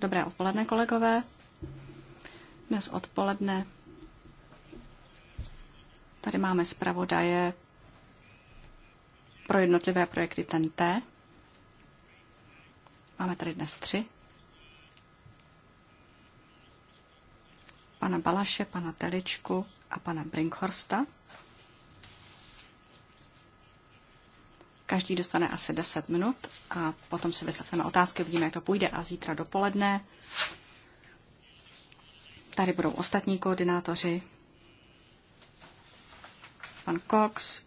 Dobré odpoledne, kolegové. Dnes odpoledne tady máme zpravodaje pro jednotlivé projekty TNT. Máme tady dnes tři. Pana Balaše, pana Teličku a pana Brinkhorsta. Každý dostane asi 10 minut a potom si vyslechneme otázky, uvidíme, jak to půjde. A zítra dopoledne tady budou ostatní koordinátoři. Pan Cox,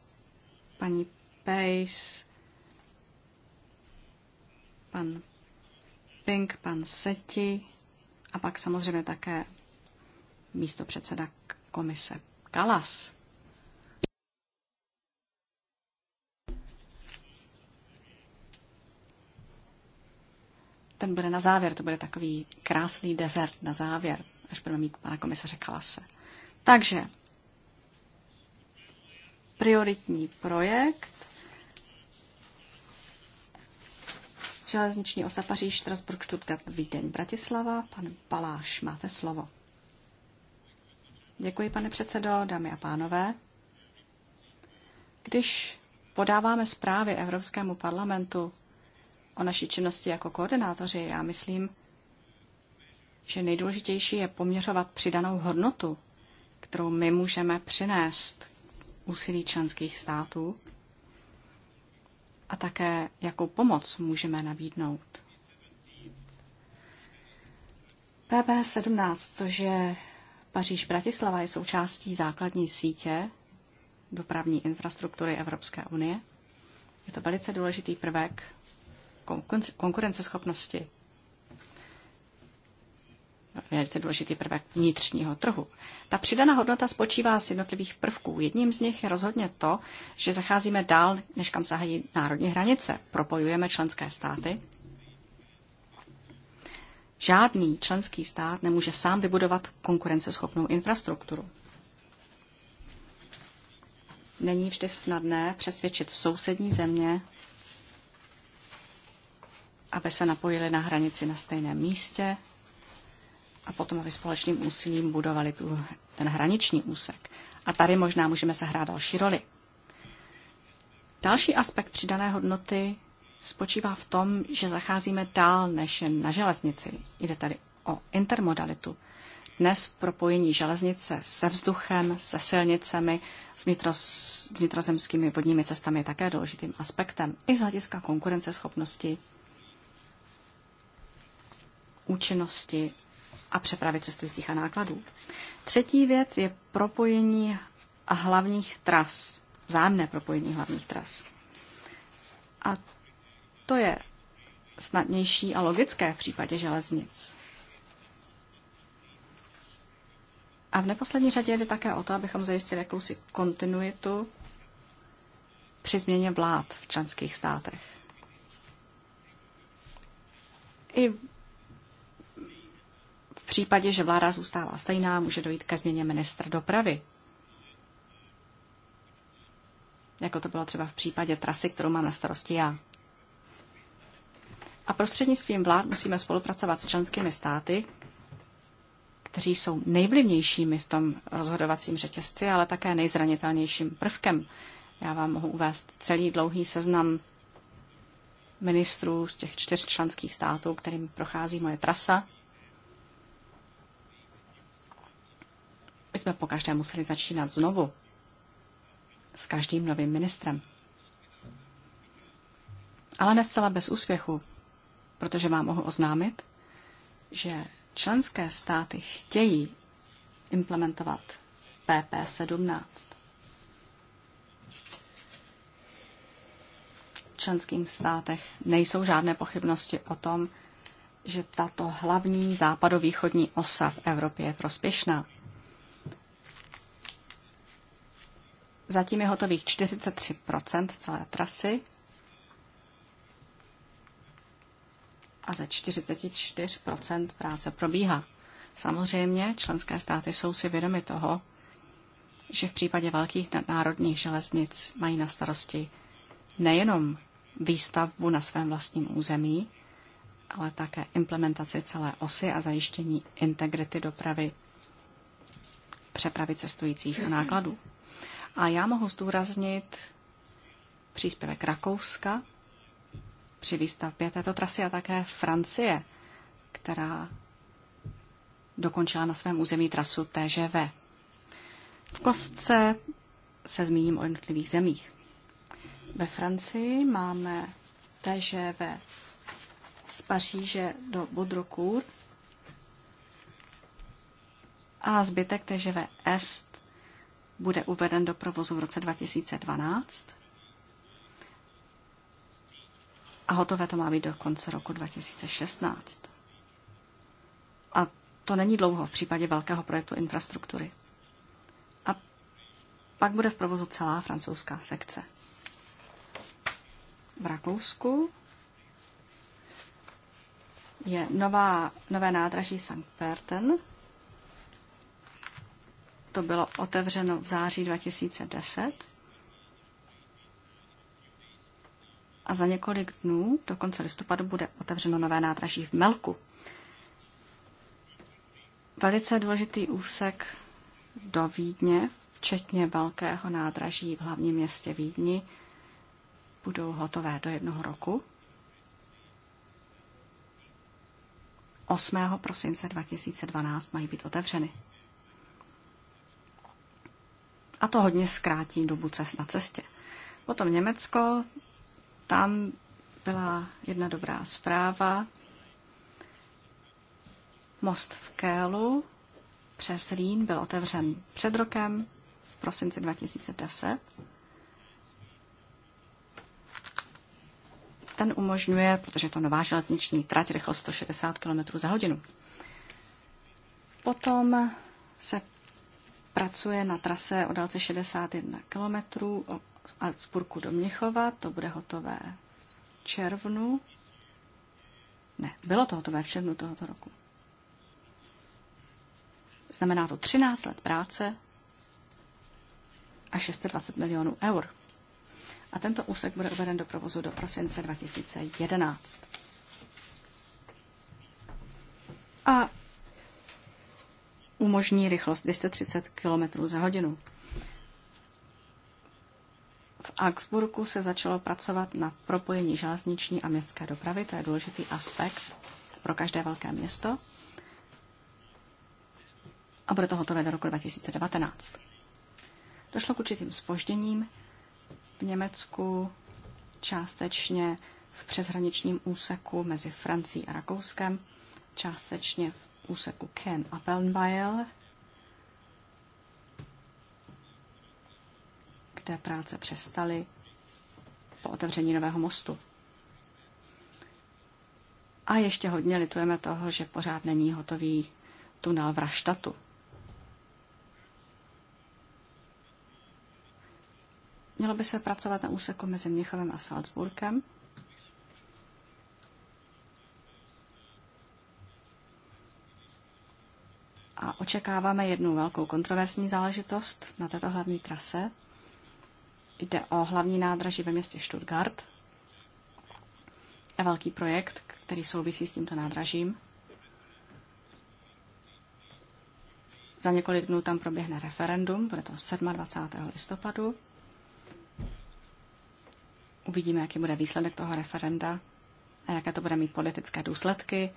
paní Pace, pan Pink, pan Seti a pak samozřejmě také místo předseda komise Kalas. ten bude na závěr, to bude takový krásný dezert na závěr, až budeme mít pana komisaře Kalase. Takže prioritní projekt železniční osa Paříž, Strasburg Stuttgart, Vídeň, Bratislava. Pan Paláš, máte slovo. Děkuji, pane předsedo, dámy a pánové. Když podáváme zprávy Evropskému parlamentu o naší činnosti jako koordinátoři. Já myslím, že nejdůležitější je poměřovat přidanou hodnotu, kterou my můžeme přinést úsilí členských států a také jakou pomoc můžeme nabídnout. PB17, což je Paříž-Bratislava, je součástí základní sítě dopravní infrastruktury Evropské unie. Je to velice důležitý prvek konkurenceschopnosti. to důležitý prvek vnitřního trhu. Ta přidaná hodnota spočívá z jednotlivých prvků. Jedním z nich je rozhodně to, že zacházíme dál, než kam sahají národní hranice. Propojujeme členské státy. Žádný členský stát nemůže sám vybudovat konkurenceschopnou infrastrukturu není vždy snadné přesvědčit sousední země, aby se napojili na hranici na stejném místě a potom, aby společným úsilím budovali tu, ten hraniční úsek. A tady možná můžeme sehrát další roli. Další aspekt přidané hodnoty spočívá v tom, že zacházíme dál než jen na železnici. Jde tady o intermodalitu. Dnes propojení železnice se vzduchem, se silnicemi, s vnitrozemskými vodními cestami je také důležitým aspektem i z hlediska konkurenceschopnosti účinnosti a přepravy cestujících a nákladů. Třetí věc je propojení hlavních tras, zájemné propojení hlavních tras. A to je snadnější a logické v případě železnic. A v neposlední řadě jde také o to, abychom zajistili jakousi kontinuitu při změně vlád v členských státech. I v případě, že vláda zůstává stejná, může dojít ke změně ministr dopravy. Jako to bylo třeba v případě trasy, kterou mám na starosti já. A prostřednictvím vlád musíme spolupracovat s členskými státy, kteří jsou nejvlivnějšími v tom rozhodovacím řetězci, ale také nejzranitelnějším prvkem. Já vám mohu uvést celý dlouhý seznam ministrů z těch čtyř členských států, kterým prochází moje trasa. jsme pokaždé museli začínat znovu s každým novým ministrem. Ale nescela bez úspěchu, protože vám mohu oznámit, že členské státy chtějí implementovat PP17. V členských státech nejsou žádné pochybnosti o tom, že tato hlavní západovýchodní osa v Evropě je prospěšná. Zatím je hotových 43% celé trasy a ze 44% práce probíhá. Samozřejmě členské státy jsou si vědomi toho, že v případě velkých národních železnic mají na starosti nejenom výstavbu na svém vlastním území, ale také implementaci celé osy a zajištění integrity dopravy, přepravy cestujících a nákladů. A já mohu zdůraznit příspěvek Rakouska při výstavbě této trasy a také Francie, která dokončila na svém území trasu TŽV. V kostce se zmíním o jednotlivých zemích. Ve Francii máme TŽV z Paříže do Bodrocourt a zbytek TŽV S bude uveden do provozu v roce 2012 a hotové to má být do konce roku 2016. A to není dlouho v případě velkého projektu infrastruktury. A pak bude v provozu celá francouzská sekce. V Rakousku je nová, nové nádraží St. Perten, to bylo otevřeno v září 2010. A za několik dnů, do konce listopadu, bude otevřeno nové nádraží v Melku. Velice důležitý úsek do Vídně, včetně velkého nádraží v hlavním městě Vídni, budou hotové do jednoho roku. 8. prosince 2012 mají být otevřeny. A to hodně zkrátí dobu cest na cestě. Potom Německo, tam byla jedna dobrá zpráva. Most v Kélu přes Rýn byl otevřen před rokem, v prosinci 2010. Ten umožňuje, protože to nová železniční trať, rychlost 160 km za hodinu. Potom se pracuje na trase o dálce 61 km od Alcburku do Měchova. To bude hotové v červnu. Ne, bylo to hotové v červnu tohoto roku. Znamená to 13 let práce a 620 milionů eur. A tento úsek bude uveden do provozu do prosince 2011. A umožní rychlost 230 km za hodinu. V Augsburgu se začalo pracovat na propojení železniční a městské dopravy, to je důležitý aspekt pro každé velké město. A bude to hotové do roku 2019. Došlo k určitým spožděním. V Německu částečně v přeshraničním úseku mezi Francií a Rakouskem, částečně v úseku Ken Appelnweil, kde práce přestaly po otevření nového mostu. A ještě hodně litujeme toho, že pořád není hotový tunel v Raštatu. Mělo by se pracovat na úseku mezi Měchovem a Salzburgem, a očekáváme jednu velkou kontroverzní záležitost na této hlavní trase. Jde o hlavní nádraží ve městě Stuttgart a velký projekt, který souvisí s tímto nádražím. Za několik dnů tam proběhne referendum, bude to 27. listopadu. Uvidíme, jaký bude výsledek toho referenda a jaké to bude mít politické důsledky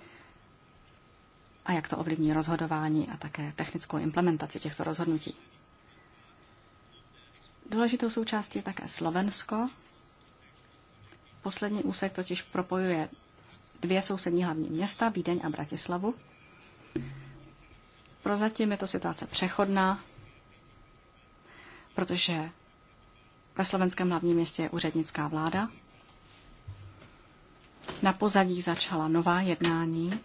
a jak to ovlivní rozhodování a také technickou implementaci těchto rozhodnutí. Důležitou součástí je také Slovensko. Poslední úsek totiž propojuje dvě sousední hlavní města, Vídeň a Bratislavu. Prozatím je to situace přechodná, protože ve slovenském hlavním městě je úřednická vláda. Na pozadí začala nová jednání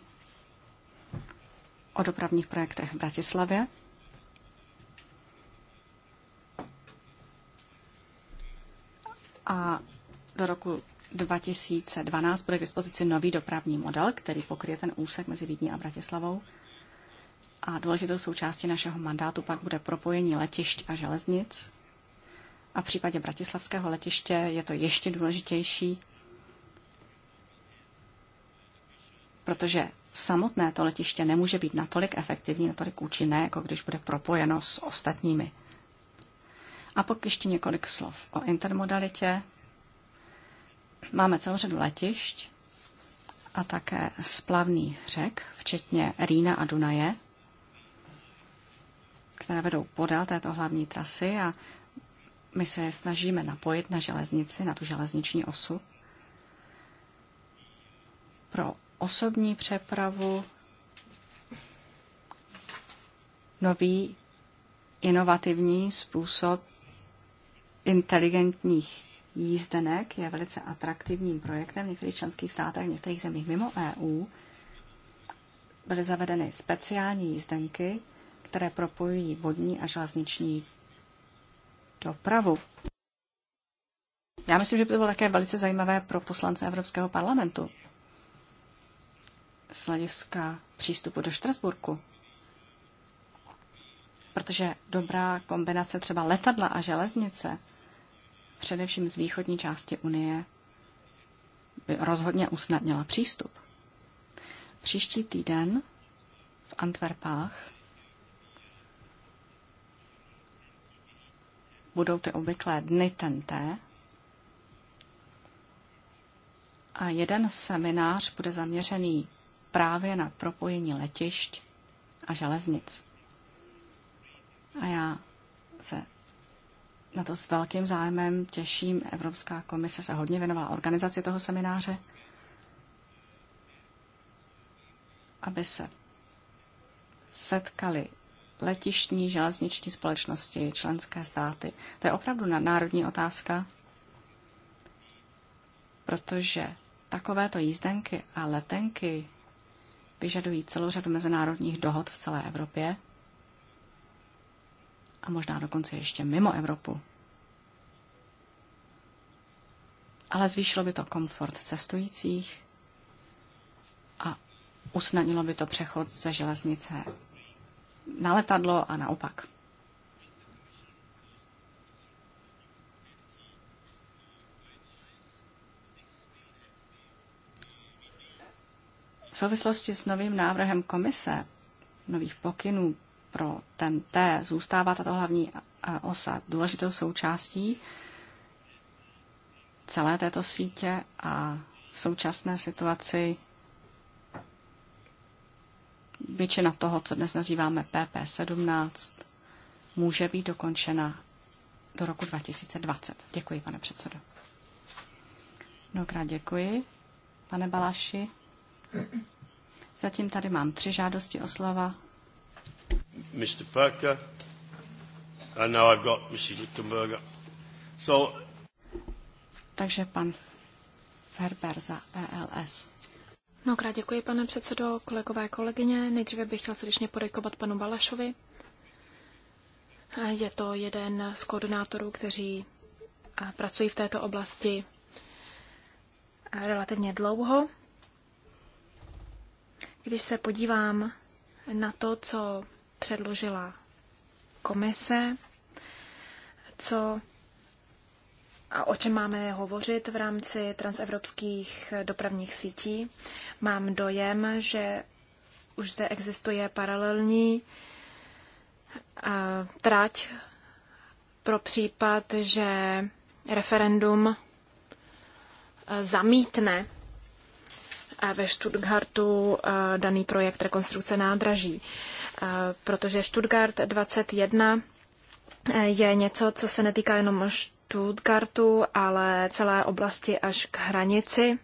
o dopravních projektech v Bratislavě. A do roku 2012 bude k dispozici nový dopravní model, který pokryje ten úsek mezi Vídní a Bratislavou. A důležitou součástí našeho mandátu pak bude propojení letišť a železnic. A v případě bratislavského letiště je to ještě důležitější, protože samotné to letiště nemůže být natolik efektivní, natolik účinné, jako když bude propojeno s ostatními. A pak ještě několik slov o intermodalitě. Máme celou řadu letišť a také splavný řek, včetně Rýna a Dunaje, které vedou podél této hlavní trasy a my se je snažíme napojit na železnici, na tu železniční osu pro osobní přepravu, nový inovativní způsob inteligentních jízdenek je velice atraktivním projektem v některých členských státech, v některých zemích mimo EU. Byly zavedeny speciální jízdenky, které propojují vodní a železniční dopravu. Já myslím, že by to bylo také velice zajímavé pro poslance Evropského parlamentu, z hlediska přístupu do Štrasburku. Protože dobrá kombinace třeba letadla a železnice, především z východní části Unie, by rozhodně usnadnila přístup. Příští týden v Antwerpách budou ty obvyklé dny TNT a jeden seminář bude zaměřený právě na propojení letišť a železnic. A já se na to s velkým zájmem těším. Evropská komise se hodně věnovala organizaci toho semináře, aby se setkali letištní, železniční společnosti, členské státy. To je opravdu národní otázka, protože takovéto jízdenky a letenky vyžadují celou řadu mezinárodních dohod v celé Evropě a možná dokonce ještě mimo Evropu. Ale zvýšilo by to komfort cestujících a usnadnilo by to přechod ze železnice na letadlo a naopak. V souvislosti s novým návrhem komise nových pokynů pro ten T zůstává tato hlavní osa důležitou součástí celé této sítě a v současné situaci většina toho, co dnes nazýváme PP17, může být dokončena do roku 2020. Děkuji, pane předsedo. Mnohokrát děkuji, pane Balaši. Zatím tady mám tři žádosti o slova. Mr. Perker, and now I've got Mrs. Lichtenberger. So... Takže pan Ferber za ELS. Mnohokrát děkuji, pane předsedo, kolegové, kolegyně. Nejdříve bych chtěl srdečně poděkovat panu Balašovi. Je to jeden z koordinátorů, kteří eh, pracují v této oblasti eh, relativně dlouho. Když se podívám na to, co předložila komise, co a o čem máme hovořit v rámci transevropských dopravních sítí, mám dojem, že už zde existuje paralelní trať pro případ, že referendum zamítne ve Stuttgartu eh, daný projekt rekonstrukce nádraží, eh, protože Stuttgart 21 eh, je něco, co se netýká jenom Stuttgartu, ale celé oblasti až k hranici.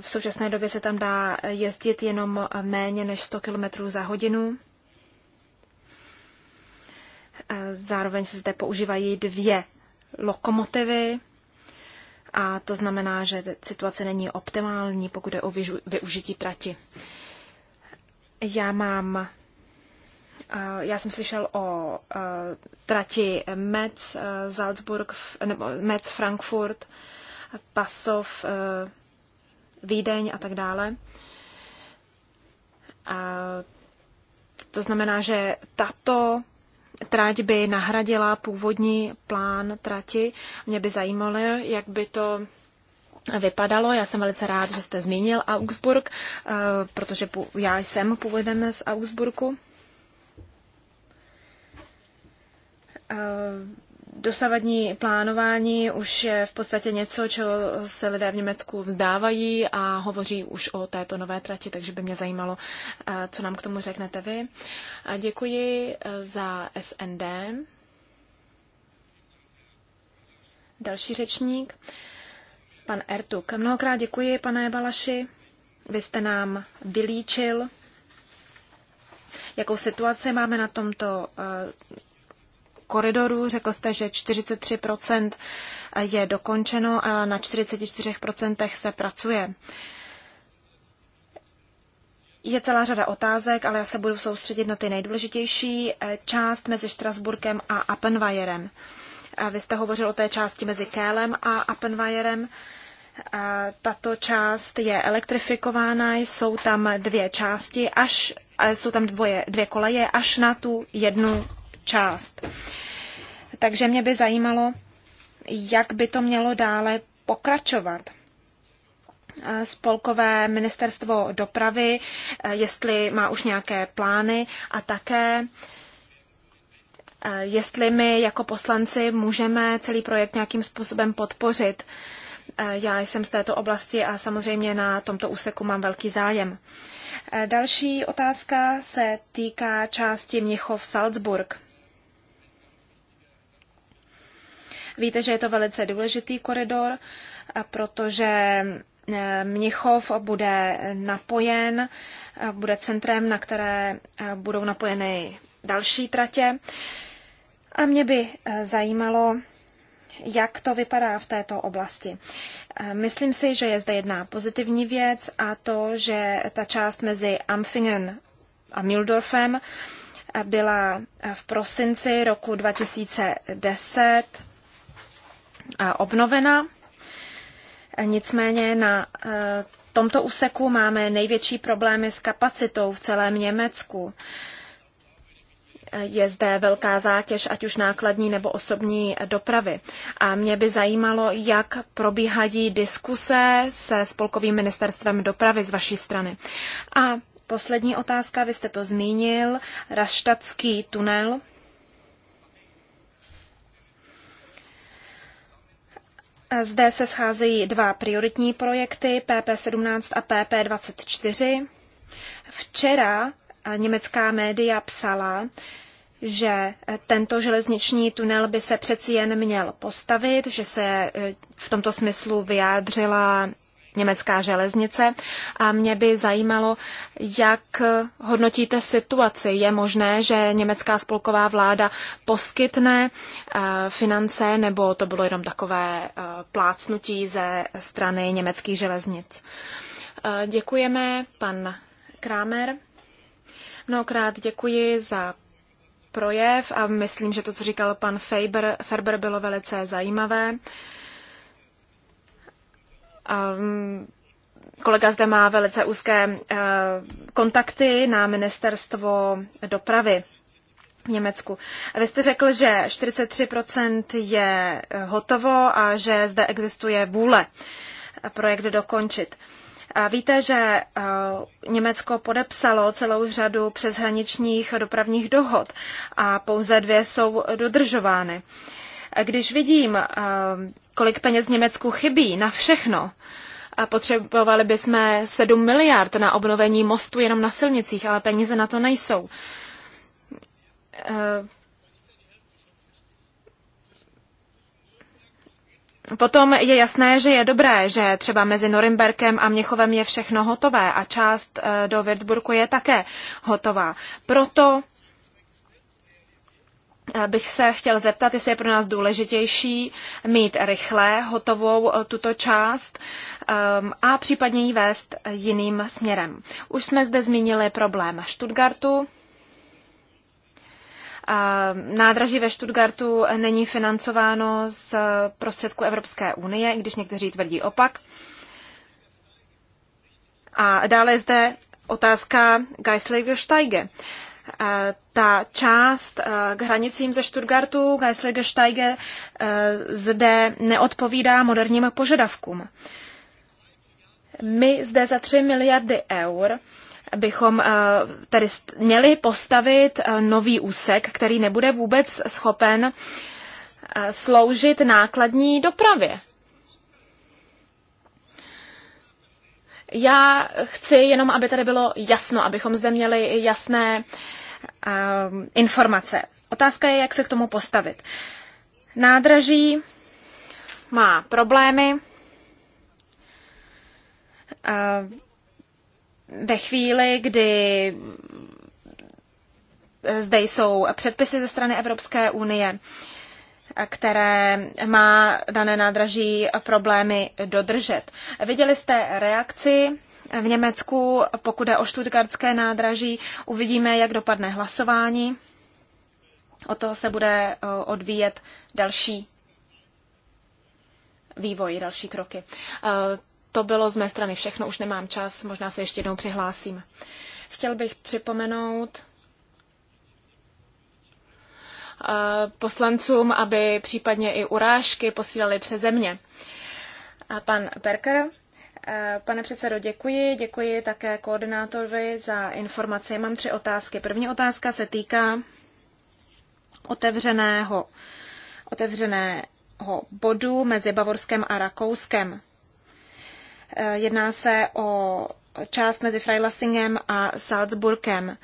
V současné době se tam dá jezdit jenom méně než 100 km za hodinu. Zároveň se zde používají dvě lokomotivy a to znamená, že situace není optimální, pokud je o využití trati. Já mám eh, já jsem slyšel o eh, trati Metz, eh, Salzburg, nebo Metz, Frankfurt, Pasov, Vídeň a tak dále. A to znamená, že tato trať by nahradila původní plán trati. Mě by zajímalo, jak by to vypadalo. Já jsem velice rád, že jste zmínil Augsburg, eh, protože já jsem původem z Augsburgu. Eh, Dosavadní plánování už je v podstatě něco, čeho se lidé v Německu vzdávají a hovoří už o této nové trati, takže by mě zajímalo, eh, co nám k tomu řeknete vy. A děkuji eh, za SND. Další řečník, pan Ertuk. Mnohokrát děkuji, pane Balaši. Vy jste nám vylíčil, jakou situaci máme na tomto eh, koridorů. Řekl jste, že 43% je dokončeno a na 44% se pracuje. Je celá řada otázek, ale já se budu soustředit na ty nejdůležitější eh, část mezi Štrasburkem a Appenweierem. Eh, vy jste hovořil o té části mezi Kélem a Appenweierem. Eh, tato část je elektrifikována, jsou tam dvě části, až, jsou tam dvoje, dvě koleje až na tu jednu část. Takže mě by zajímalo, jak by to mělo dále pokračovat. Spolkové ministerstvo dopravy, jestli má už nějaké plány a také jestli my jako poslanci můžeme celý projekt nějakým způsobem podpořit. Já jsem z této oblasti a samozřejmě na tomto úseku mám velký zájem. Další otázka se týká části Měchov-Salzburg. Víte, že je to velice důležitý koridor, protože eh, Mnichov bude napojen, eh, bude centrem, na které eh, budou napojeny další tratě. A mě by zajímalo, jak to vypadá v této oblasti. Myslím si, že je zde jedna pozitivní věc a to, že ta část mezi Amfingen a Mühldorfem byla v prosinci roku 2010 obnovena. Nicméně na eh, tomto úseku máme největší problémy s kapacitou v celém Německu. Je zde velká zátěž, ať už nákladní nebo osobní dopravy. A mě by zajímalo, jak probíhají diskuse se Spolkovým ministerstvem dopravy z vaší strany. A poslední otázka, vy jste to zmínil, Raštatský tunel. Zde se scházejí dva prioritní projekty, PP17 a PP24. Včera německá média psala, že tento železniční tunel by se přeci jen měl postavit, že se e, v tomto smyslu vyjádřila německá železnice. A mě by zajímalo, jak hodnotíte situaci. Je možné, že německá spolková vláda poskytne eh, finance, nebo to bylo jenom takové eh, plácnutí ze strany německých železnic? Eh, děkujeme, pan Kramer. Mnohokrát děkuji za projev a myslím, že to, co říkal pan Faber, Ferber, bylo velice zajímavé. Ehm, kolega zde má velice úzké eh, kontakty na ministerstvo dopravy v Německu. Vy jste řekl, že 43% je eh, hotovo a že zde existuje vůle eh, projekt dokončit. A víte, že Německo podepsalo celou řadu přeshraničních dopravních dohod a pouze dvě jsou dodržovány. Když vidím, eh, kolik peněz Německu chybí na všechno, a potřebovali bychom 7 miliard na obnovení mostu jenom na silnicích, ale peníze na to nejsou. Eh, potom je jasné, že je dobré, že třeba mezi Norimberkem a Měchovem je všechno hotové a část eh, do Würzburku je také hotová. Proto bych se chtěl zeptat, jestli je pro nás důležitější mít rychle hotovou eh, tuto část ehm, a případně ji vést jiným směrem. Už jsme zde zmínili problém Stuttgartu. Ehm, nádraží ve Stuttgartu není financováno z prostředku Evropské unie, i když někteří tvrdí opak. A dále je zde otázka Geisliger-Steige. Eh, ta část eh, k hranicím ze Stuttgartu, Geislergesteige, eh, zde neodpovídá moderním požadavkům. My zde za 3 miliardy eur bychom eh, tedy měli postavit nový úsek, který nebude vůbec schopen sloužit nákladní dopravě. Já chci jenom, aby tady bylo jasno, abychom zde měli jasné uh, Um, informace. Otázka je, jak se k tomu postavit. Nádraží má problémy. Uh, ve chvíli, kdy zde jsou předpisy ze strany Evropské unie, které má dané nádraží problémy dodržet. Viděli jste reakci v Německu, pokud je o Stuttgartské nádraží, uvidíme, jak dopadne hlasování. O toho se bude eh, odvíjet další vývoj, další kroky. Eh, to bylo z mé strany všechno, už nemám čas, možná se ještě jednou přihlásím. Chtěl bych připomenout eh, poslancům, aby případně i urážky posílali přeze mě. A pan Berker Eh, pane předsedo, děkuji. Děkuji také koordinátorovi za informace. Mám tři otázky. První otázka se týká otevřeného, otevřeného bodu mezi Bavorskem a Rakouskem. Eh, jedná se o část mezi Freilassingem a Salzburgem.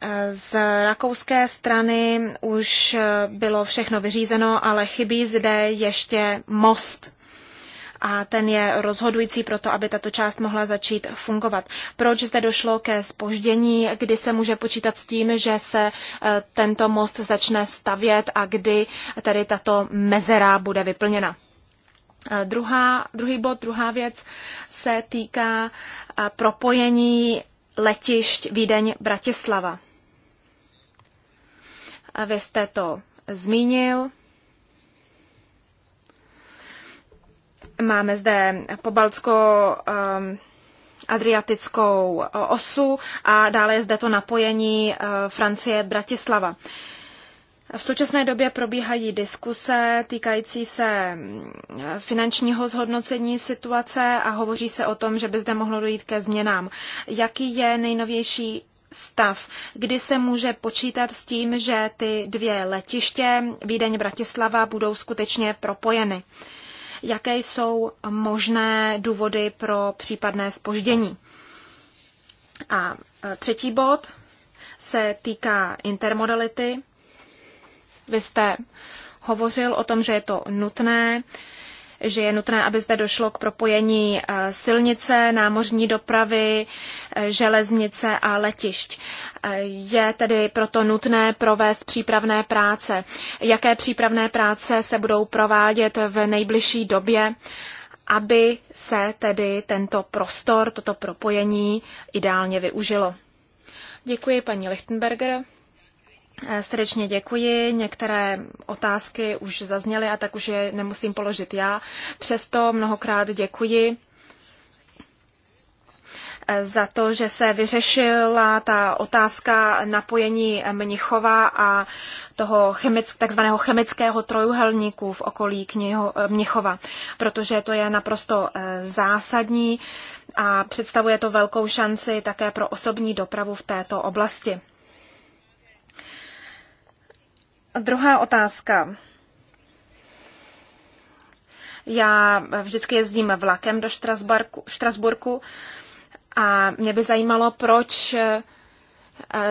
Eh, z rakouské strany už bylo všechno vyřízeno, ale chybí zde ještě most a ten je rozhodující pro to, aby tato část mohla začít fungovat. Proč zde došlo ke spoždění, kdy se může počítat s tím, že se e, tento most začne stavět a kdy tedy tato mezera bude vyplněna? E, druhá, druhý bod, druhá věc se týká e, propojení letišť Vídeň-Bratislava. Vy jste to zmínil. Máme zde pobaltsko um, adriatickou osu a dále je zde to napojení uh, Francie Bratislava. V současné době probíhají diskuse týkající se mm, finančního zhodnocení situace a hovoří se o tom, že by zde mohlo dojít ke změnám. Jaký je nejnovější stav, kdy se může počítat s tím, že ty dvě letiště, Vídeň Bratislava, budou skutečně propojeny? Uh, jaké jsou možné důvody pro případné spoždění. A e, třetí bod se týká intermodality. Vy jste hovořil o tom, že je to nutné, že je nutné, aby zde došlo k propojení eh, silnice, námořní dopravy, eh, železnice a letišť. Eh, je tedy proto nutné provést přípravné práce. Jaké přípravné práce se budou provádět v nejbližší době, aby se tedy tento prostor, toto propojení ideálně využilo? Děkuji paní Lichtenberger. Eh, srdečně děkuji. Některé otázky už zazněly a tak už je nemusím položit já. Přesto mnohokrát děkuji eh, za to, že se vyřešila ta otázka napojení Mnichova a toho chemick, takzvaného chemického trojuhelníku v okolí kniho, eh, Mnichova, protože to je naprosto zásadní a představuje to velkou šanci také pro osobní dopravu v této oblasti. Druhá otázka. Já vždycky jezdím vlakem do Štrasburku, a mě by zajímalo, proč eh,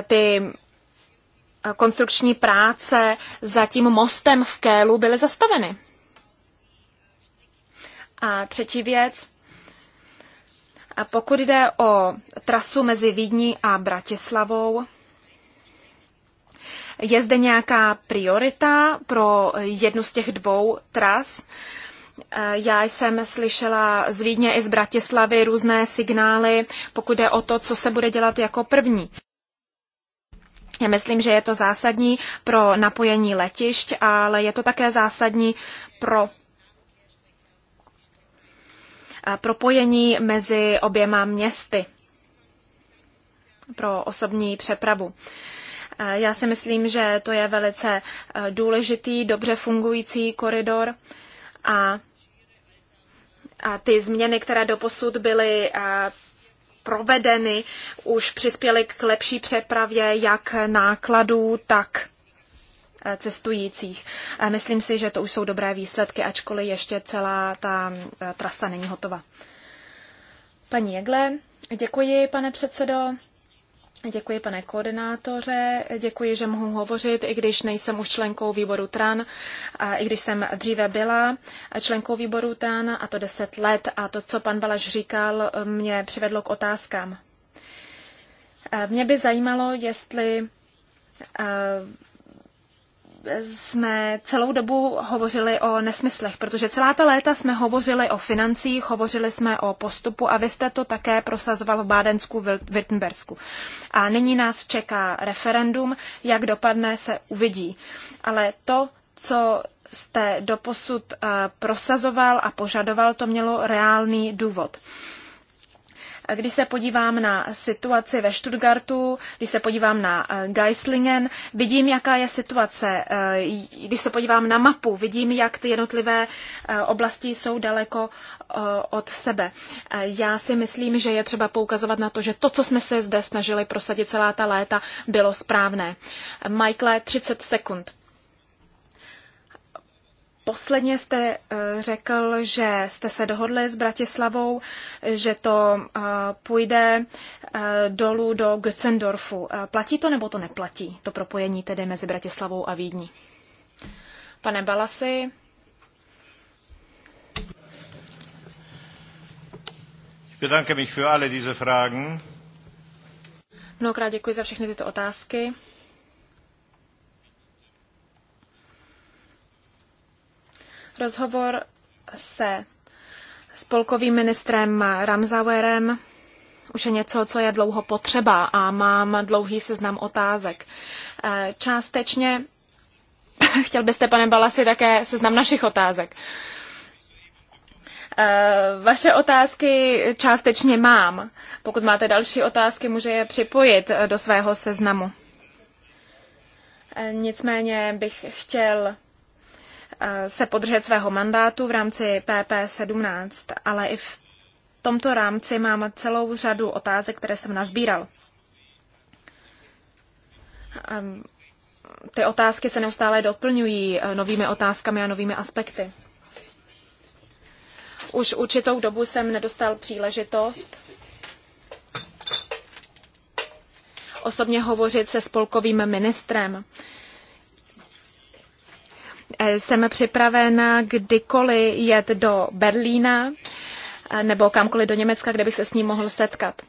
ty konstrukční práce za tím mostem v Kélu byly zastaveny. A třetí věc. A pokud jde o trasu mezi Vídní a Bratislavou, je zde nějaká priorita pro jednu z těch dvou tras? Já jsem slyšela z Vídně i z Bratislavy různé signály, pokud jde o to, co se bude dělat jako první. Já myslím, že je to zásadní pro napojení letišť, ale je to také zásadní pro eh, propojení mezi oběma městy pro osobní přepravu. Eh, já si myslím, že to je velice eh, důležitý, dobře fungující koridor a, a ty změny, které doposud byly eh, provedeny, už přispěly k lepší přepravě jak nákladů, tak cestujících. Myslím si, že to už jsou dobré výsledky, ačkoliv ještě celá ta trasa není hotova. Paní Jegle, děkuji, pane předsedo. Děkuji, pane koordinátoře. Děkuji, že mohu hovořit, i když nejsem už členkou výboru TRAN, a i když jsem dříve byla členkou výboru TRAN, a to deset let. A to, co pan Balaš říkal, mě přivedlo k otázkám. Eh, mě by zajímalo, jestli eh, jsme celou dobu hovořili o nesmyslech, protože celá ta léta jsme hovořili o financích, hovořili jsme o postupu a vy jste to také prosazoval v Bádensku, Württembersku. A nyní nás čeká referendum, jak dopadne, se uvidí. Ale to, co jste doposud eh, prosazoval a požadoval, to mělo reálný důvod. Když se podívám na situaci ve Stuttgartu, když se podívám na eh, Geislingen, vidím, jaká je situace. Eh, když se podívám na mapu, vidím, jak ty jednotlivé eh, oblasti jsou daleko od sebe. Já si myslím, že je třeba poukazovat na to, že to, co jsme se zde snažili prosadit celá ta léta, bylo správné. Michael, 30 sekund. Posledně jste eh, řekl, že jste se dohodli s Bratislavou, že to eh, půjde eh, dolů do Götzendorfu. Platí to nebo to neplatí, to propojení tedy mezi Bratislavou a Vídní? Pane Balasi. Mnohokrát děkuji za všechny tyto otázky. rozhovor se spolkovým ministrem Ramzauerem už je něco, co je dlouho potřeba a mám dlouhý seznam otázek. Eh, částečně chtěl byste, pane Balasi, také seznam našich otázek. Eh, vaše otázky částečně mám. Pokud máte další otázky, může je připojit eh, do svého seznamu. Nicméně bych chtěl se podržet svého mandátu v rámci PP17, ale i v tomto rámci mám celou řadu otázek, které jsem nazbíral. Ehm, ty otázky se neustále doplňují eh, novými otázkami a novými aspekty. Už určitou dobu jsem nedostal příležitost osobně hovořit se spolkovým ministrem Eh, jsem připravena kdykoliv jet do Berlína eh, nebo kamkoliv do Německa, kde bych se s ním mohl setkat.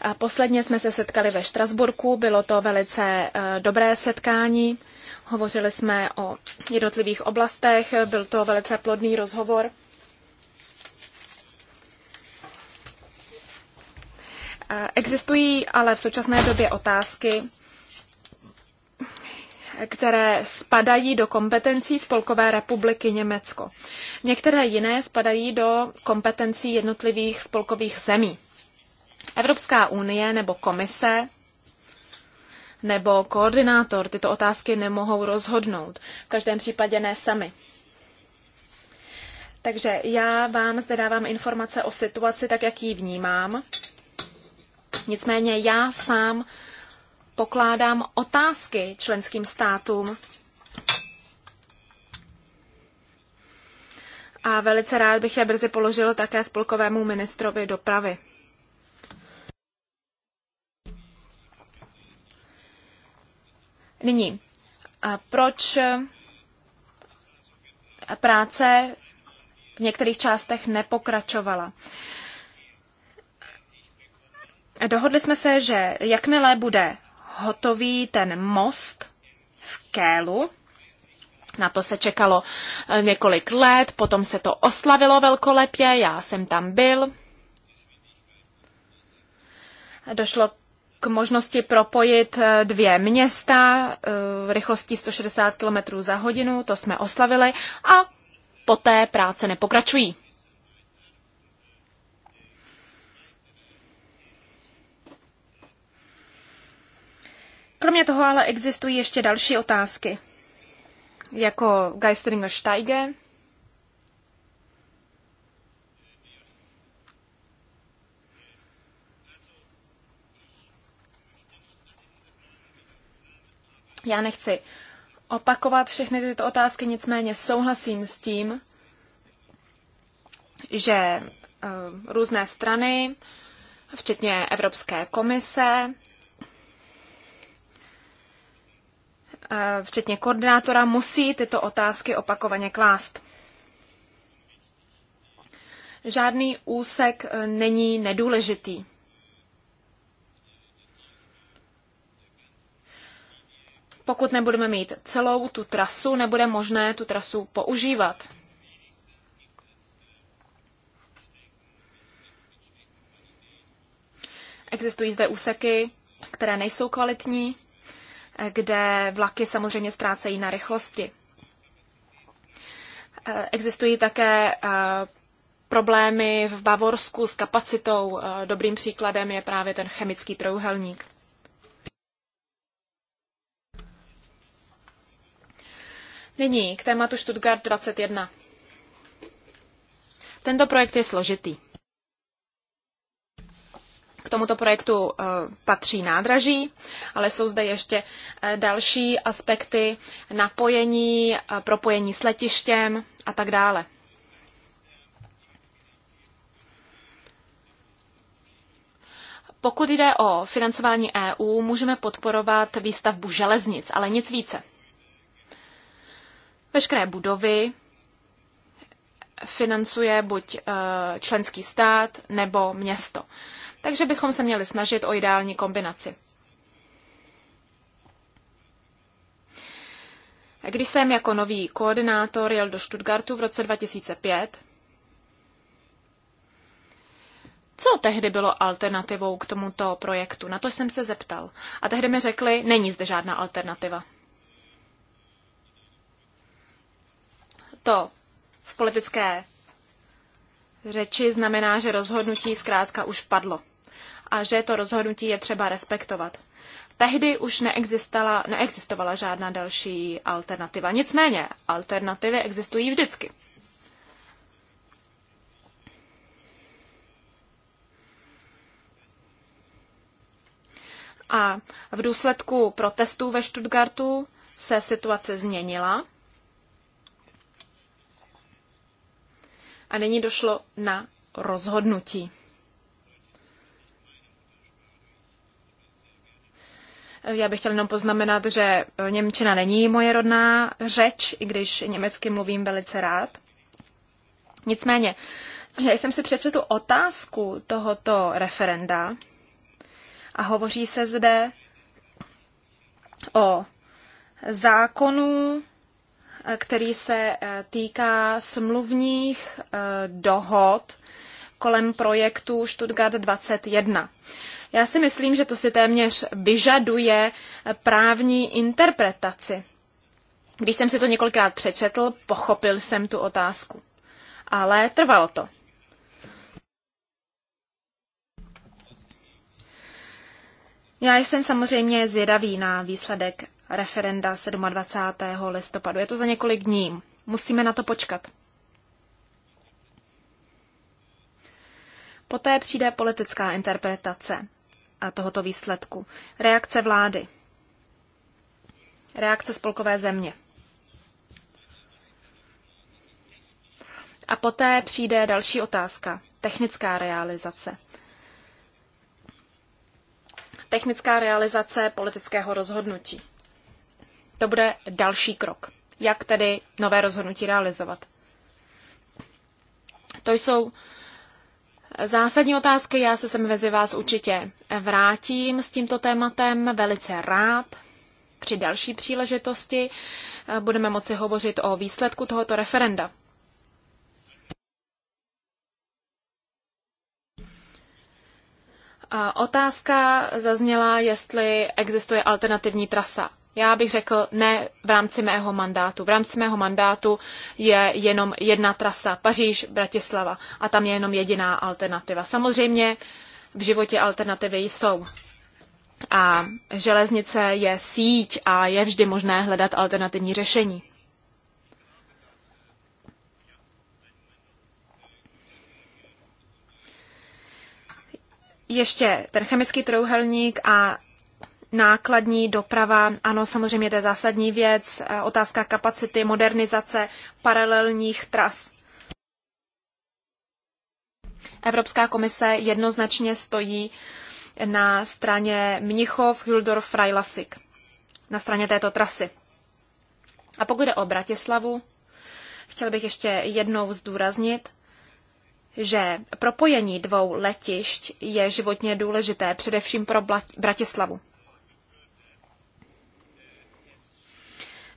A posledně jsme se setkali ve Štrasburku, bylo to velice eh, dobré setkání. Hovořili jsme o jednotlivých oblastech, byl to velice plodný rozhovor. Existují ale v současné době otázky, které spadají do kompetencí Spolkové republiky Německo. Některé jiné spadají do kompetencí jednotlivých spolkových zemí. Evropská unie nebo komise nebo koordinátor tyto otázky nemohou rozhodnout. V každém případě ne sami. Takže já vám zde dávám informace o situaci, tak jak ji vnímám. Nicméně já sám pokládám otázky členským státům. A velice rád bych je brzy položil také spolkovému ministrovi dopravy. Nyní, proč práce v některých částech nepokračovala? Dohodli jsme se, že jakmile bude hotový ten most v Kélu. Na to se čekalo eh, několik let, potom se to oslavilo velkolepě, já jsem tam byl. Došlo k možnosti propojit eh, dvě města eh, v rychlosti 160 km za hodinu, to jsme oslavili a poté práce nepokračují. Kromě toho ale existují ještě další otázky, jako Geisteringer Steige, Já nechci opakovat všechny tyto otázky, nicméně souhlasím s tím, že eh, různé strany, včetně Evropské komise, Eh, včetně koordinátora, musí tyto otázky opakovaně klást. Žádný úsek eh, není nedůležitý. Pokud nebudeme mít celou tu trasu, nebude možné tu trasu používat. Existují zde úseky, které nejsou kvalitní, kde vlaky samozřejmě ztrácejí na rychlosti. Eh, existují také eh, problémy v Bavorsku s kapacitou. Eh, dobrým příkladem je právě ten chemický trojuhelník. Nyní k tématu Stuttgart 21. Tento projekt je složitý tomuto projektu eh, patří nádraží, ale jsou zde ještě eh, další aspekty napojení, eh, propojení s letištěm a tak dále. Pokud jde o financování EU, můžeme podporovat výstavbu železnic, ale nic více. Veškeré budovy financuje buď členský stát nebo město. Takže bychom se měli snažit o ideální kombinaci. Když jsem jako nový koordinátor jel do Stuttgartu v roce 2005, co tehdy bylo alternativou k tomuto projektu? Na to jsem se zeptal. A tehdy mi řekli, není zde žádná alternativa. To v politické řeči znamená, že rozhodnutí zkrátka už padlo a že to rozhodnutí je třeba respektovat. Tehdy už neexistovala, neexistovala žádná další alternativa. Nicméně, alternativy existují vždycky. A v důsledku protestů ve Stuttgartu se situace změnila. A nyní došlo na rozhodnutí. Já bych chtěla jenom poznamenat, že Němčina není moje rodná řeč, i když německy mluvím velice rád. Nicméně, já jsem si přečetl otázku tohoto referenda a hovoří se zde o zákonu, který se týká smluvních eh, dohod kolem projektu Stuttgart 21. Já si myslím, že to si téměř vyžaduje právní interpretaci. Když jsem si to několikrát přečetl, pochopil jsem tu otázku. Ale trvalo to. Já jsem samozřejmě zvědavý na výsledek referenda 27. listopadu. Je to za několik dní. Musíme na to počkat. Poté přijde politická interpretace a tohoto výsledku. Reakce vlády. Reakce spolkové země. A poté přijde další otázka. Technická realizace. Technická realizace politického rozhodnutí. To bude další krok. Jak tedy nové rozhodnutí realizovat? To jsou Zásadní otázky, já se sem mezi vás určitě vrátím s tímto tématem velice rád. Při další příležitosti eh, budeme moci hovořit o výsledku tohoto referenda. Otázka zazněla, jestli existuje alternativní trasa. Já bych řekl ne v rámci mého mandátu. V rámci mého mandátu je jenom jedna trasa Paříž, Bratislava a tam je jenom jediná alternativa. Samozřejmě v životě alternativy jsou. A železnice je síť a je vždy možné hledat alternativní řešení. Ještě ten chemický trouhelník a nákladní doprava, ano, samozřejmě to je zásadní věc, eh, otázka kapacity, modernizace paralelních tras. Evropská komise jednoznačně stojí na straně Mnichov, Huldorf, Freilasik, na straně této trasy. A pokud jde o Bratislavu, chtěl bych ještě jednou zdůraznit, že propojení dvou letišť je životně důležité, především pro Bratislavu.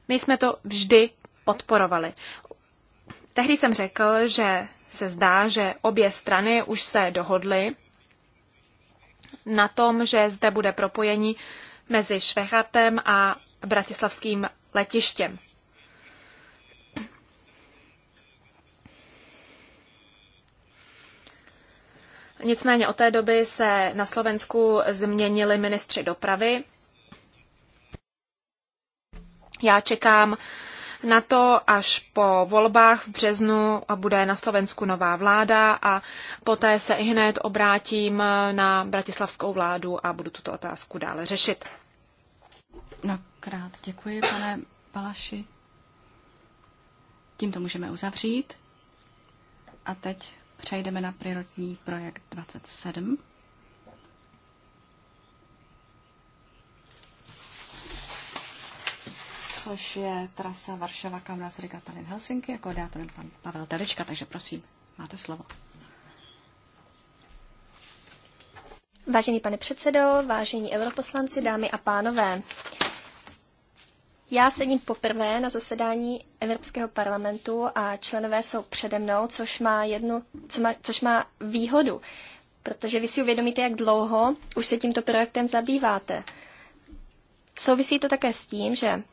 My jsme to vždy podporovali. Tehdy jsem řekl, že se zdá, že obě strany už se dohodly na tom, že zde bude propojení mezi Švechatem a bratislavským letištěm. Nicméně od té doby se na Slovensku změnili ministři dopravy já čekám na to, až po volbách v březnu bude na Slovensku nová vláda a poté se i hned obrátím na bratislavskou vládu a budu tuto otázku dále řešit. Mnohokrát děkuji, pane Balaši. Tímto můžeme uzavřít. A teď přejdeme na prioritní projekt 27. což je trasa Varšava, Kamras, Riga, Tallinn, Helsinki, jako dátorem pan Pavel Telička, takže prosím, máte slovo. Vážený pane předsedo, vážení europoslanci, dámy a pánové. Já sedím poprvé na zasedání Evropského parlamentu a členové jsou přede mnou, což má, jednu, co má, což má výhodu, protože vy si uvědomíte, jak dlouho už se tímto projektem zabýváte. Souvisí to také s tím, že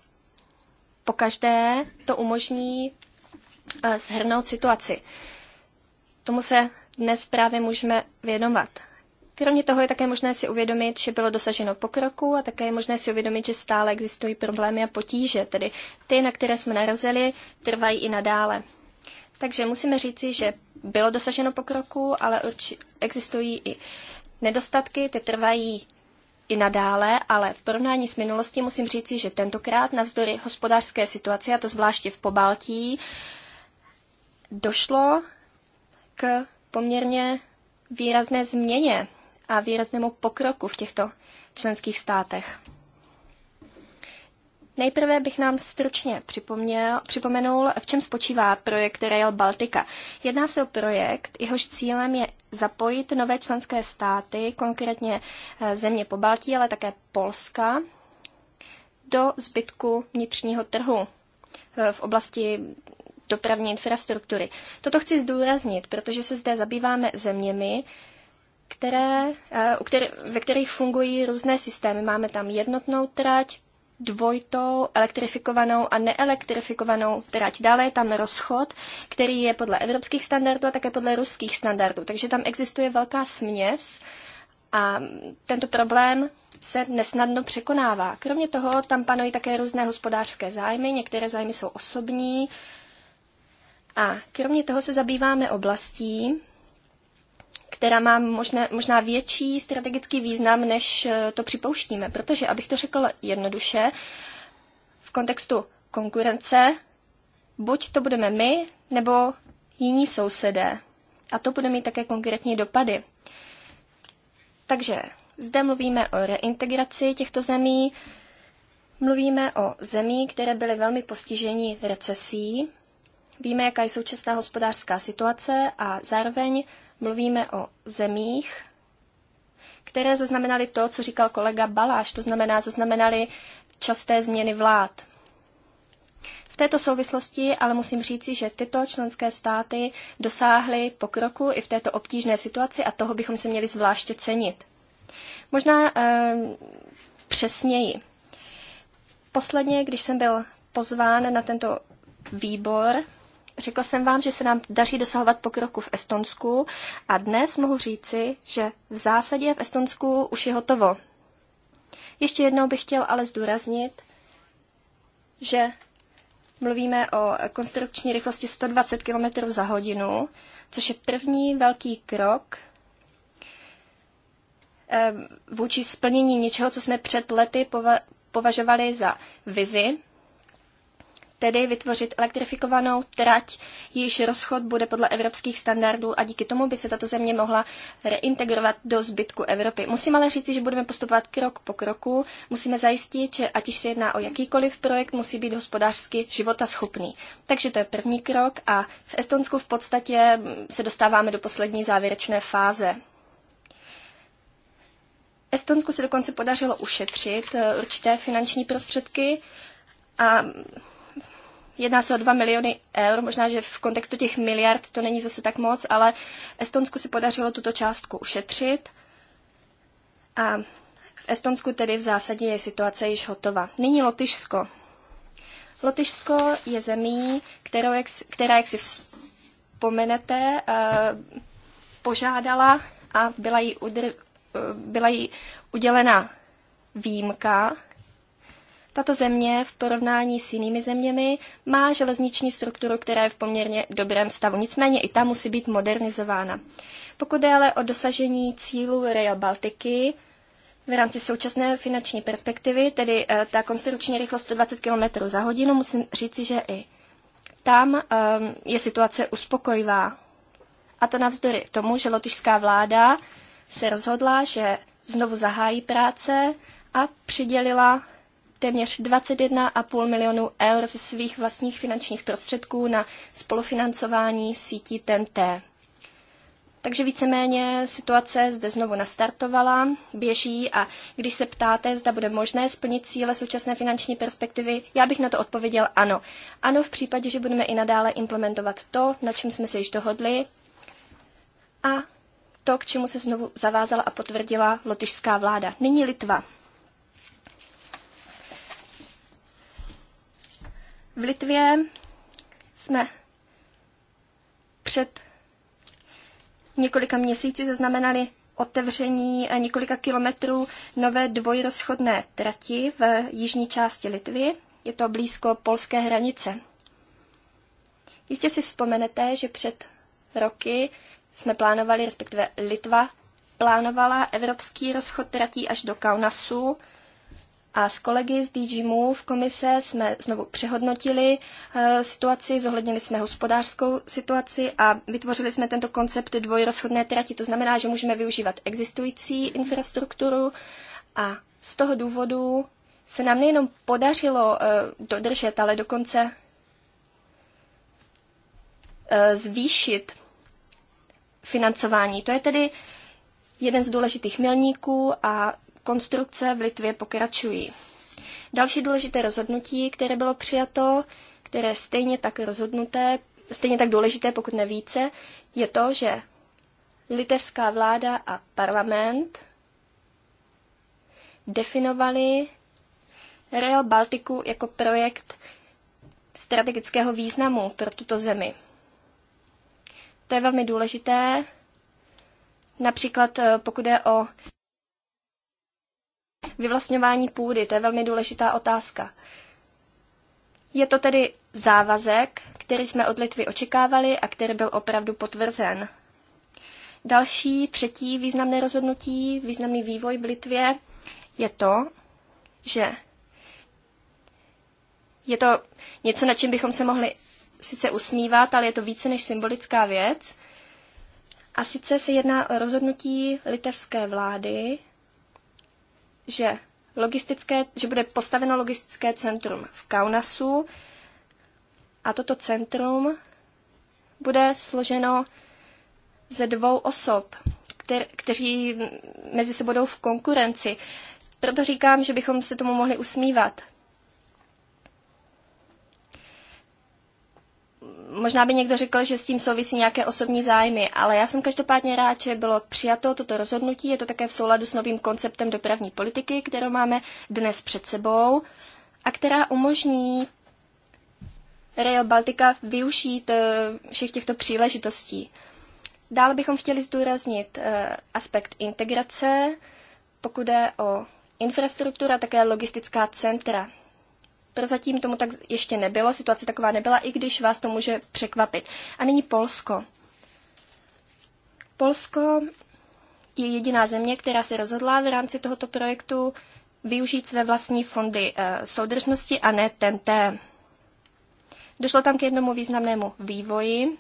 pokaždé to umožní eh, shrnout situaci. Tomu se dnes právě můžeme věnovat. Kromě toho je také možné si uvědomit, že bylo dosaženo pokroku a také je možné si uvědomit, že stále existují problémy a potíže, tedy ty, na které jsme narazili, trvají i nadále. Takže musíme říci, že bylo dosaženo pokroku, ale existují i nedostatky, ty trvají i nadále, ale v porovnání s minulostí musím říci, že tentokrát navzdory hospodářské situaci, a to zvláště v Pobaltí, došlo k poměrně výrazné změně a výraznému pokroku v těchto členských státech. Nejprve bych nám stručně připomněl, připomenul, v čem spočívá projekt Rail Baltica. Jedná se o projekt, jehož cílem je zapojit nové členské státy, konkrétně eh, země po Baltí, ale také Polska, do zbytku vnitřního trhu eh, v oblasti dopravní infrastruktury. Toto chci zdůraznit, protože se zde zabýváme zeměmi, které, eh, u které, ve kterých fungují různé systémy. Máme tam jednotnou trať, dvojitou elektrifikovanou a neelektrifikovanou trať. Dále je tam rozchod, který je podle evropských standardů a také podle ruských standardů. Takže tam existuje velká směs a tento problém se nesnadno překonává. Kromě toho tam panují také různé hospodářské zájmy, některé zájmy jsou osobní. A kromě toho se zabýváme oblastí, která má možná, možná větší strategický význam, než eh, to připouštíme. Protože, abych to řekl jednoduše, v kontextu konkurence, buď to budeme my, nebo jiní sousedé. A to bude mít také konkrétní dopady. Takže zde mluvíme o reintegraci těchto zemí, mluvíme o zemí, které byly velmi postiženi recesí, víme, jaká je současná hospodářská situace a zároveň Mluvíme o zemích, které zaznamenaly to, co říkal kolega Baláš, to znamená, zaznamenaly časté změny vlád. V této souvislosti ale musím říci, že tyto členské státy dosáhly pokroku i v této obtížné situaci a toho bychom se měli zvláště cenit. Možná eh, přesněji. Posledně, když jsem byl pozván na tento výbor, Řekla jsem vám, že se nám daří dosahovat pokroku v Estonsku a dnes mohu říci, že v zásadě v Estonsku už je hotovo. Ještě jednou bych chtěl ale zdůraznit, že mluvíme o konstrukční rychlosti 120 km za hodinu, což je první velký krok eh, vůči splnění něčeho, co jsme před lety považovali za vizi, tedy vytvořit elektrifikovanou trať, jejíž rozchod bude podle evropských standardů a díky tomu by se tato země mohla reintegrovat do zbytku Evropy. Musím ale říci, že budeme postupovat krok po kroku, musíme zajistit, že ať už se jedná o jakýkoliv projekt, musí být hospodářsky životaschopný. Takže to je první krok a v Estonsku v podstatě se dostáváme do poslední závěrečné fáze. Estonsku se dokonce podařilo ušetřit eh, určité finanční prostředky a Jedná se o 2 miliony eur, možná, že v kontextu těch miliard to není zase tak moc, ale Estonsku se podařilo tuto částku ušetřit a v Estonsku tedy v zásadě je situace již hotova. Nyní Lotyšsko. Lotyšsko je zemí, kterou jak, která, jak si vzpomenete, eh, požádala a byla jí, udr, eh, byla jí udělena výjimka tato země v porovnání s jinými zeměmi má železniční strukturu, která je v poměrně dobrém stavu. Nicméně i ta musí být modernizována. Pokud je ale o dosažení cílu Rail Baltiky, v rámci současné finanční perspektivy, tedy eh, ta konstrukční rychlost 120 km za hodinu, musím říci, že i tam ehm, je situace uspokojivá. A to navzdory tomu, že lotyšská vláda se rozhodla, že znovu zahájí práce a přidělila téměř 21,5 milionů eur ze svých vlastních finančních prostředků na spolufinancování sítí TNT. Takže víceméně situace zde znovu nastartovala, běží a když se ptáte, zda bude možné splnit cíle současné finanční perspektivy, já bych na to odpověděl ano. Ano v případě, že budeme i nadále implementovat to, na čem jsme se již dohodli a to, k čemu se znovu zavázala a potvrdila lotyšská vláda. Nyní Litva. V Litvě jsme před několika měsíci zaznamenali otevření několika kilometrů nové dvojrozchodné trati v jižní části Litvy. Je to blízko polské hranice. Jistě si vzpomenete, že před roky jsme plánovali, respektive Litva plánovala evropský rozchod tratí až do Kaunasu a s kolegy z DG Move komise jsme znovu přehodnotili e, situaci, zohlednili jsme hospodářskou situaci a vytvořili jsme tento koncept dvojrozchodné trati. To znamená, že můžeme využívat existující infrastrukturu a z toho důvodu se nám nejenom podařilo e, dodržet, ale dokonce e, zvýšit financování. To je tedy jeden z důležitých milníků a konstrukce v Litvě pokračují. Další důležité rozhodnutí, které bylo přijato, které je stejně tak rozhodnuté, stejně tak důležité, pokud nevíce, je to, že litevská vláda a parlament definovali Rail Baltiku jako projekt strategického významu pro tuto zemi. To je velmi důležité, například eh, pokud je o Vyvlastňování půdy, to je velmi důležitá otázka. Je to tedy závazek, který jsme od Litvy očekávali a který byl opravdu potvrzen. Další, třetí významné rozhodnutí, významný vývoj v Litvě je to, že je to něco, na čím bychom se mohli sice usmívat, ale je to více než symbolická věc. A sice se jedná o rozhodnutí litevské vlády že, logistické, že bude postaveno logistické centrum v Kaunasu a toto centrum bude složeno ze dvou osob, kter, kteří mezi sebou budou v konkurenci. Proto říkám, že bychom se tomu mohli usmívat. Možná by někdo řekl, že s tím souvisí nějaké osobní zájmy, ale já jsem každopádně rád, že bylo přijato toto rozhodnutí. Je to také v souladu s novým konceptem dopravní politiky, kterou máme dnes před sebou a která umožní Rail Baltica využít eh, všech těchto příležitostí. Dále bychom chtěli zdůraznit eh, aspekt integrace, pokud je o infrastruktura, také logistická centra. Prozatím tomu tak ještě nebylo, situace taková nebyla, i když vás to může překvapit. A nyní Polsko. Polsko je jediná země, která se rozhodla v rámci tohoto projektu využít své vlastní fondy e, soudržnosti a ne TNT. Došlo tam k jednomu významnému vývoji,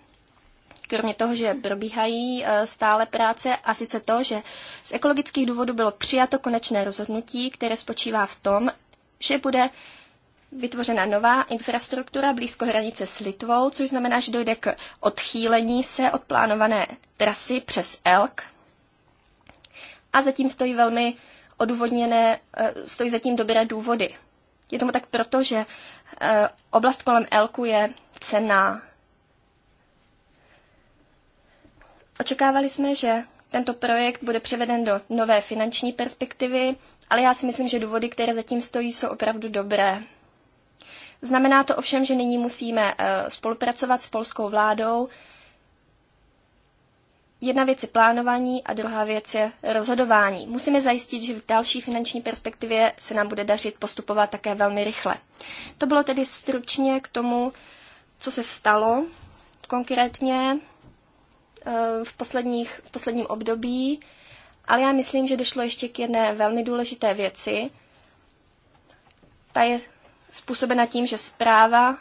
kromě toho, že probíhají e, stále práce, a sice to, že z ekologických důvodů bylo přijato konečné rozhodnutí, které spočívá v tom, že bude vytvořena nová infrastruktura blízko hranice s Litvou, což znamená, že dojde k odchýlení se od plánované trasy přes Elk. A zatím stojí velmi odůvodněné, eh, stojí zatím dobré důvody. Je tomu tak proto, že eh, oblast kolem Elku je cená. Očekávali jsme, že tento projekt bude převeden do nové finanční perspektivy, ale já si myslím, že důvody, které zatím stojí, jsou opravdu dobré. Znamená to ovšem, že nyní musíme eh, spolupracovat s polskou vládou. Jedna věc je plánování a druhá věc je rozhodování. Musíme zajistit, že v další finanční perspektivě se nám bude dařit postupovat také velmi rychle. To bylo tedy stručně k tomu, co se stalo konkrétně eh, v, posledních, v posledním období, ale já myslím, že došlo ještě k jedné velmi důležité věci. Ta je způsobena tím, že zpráva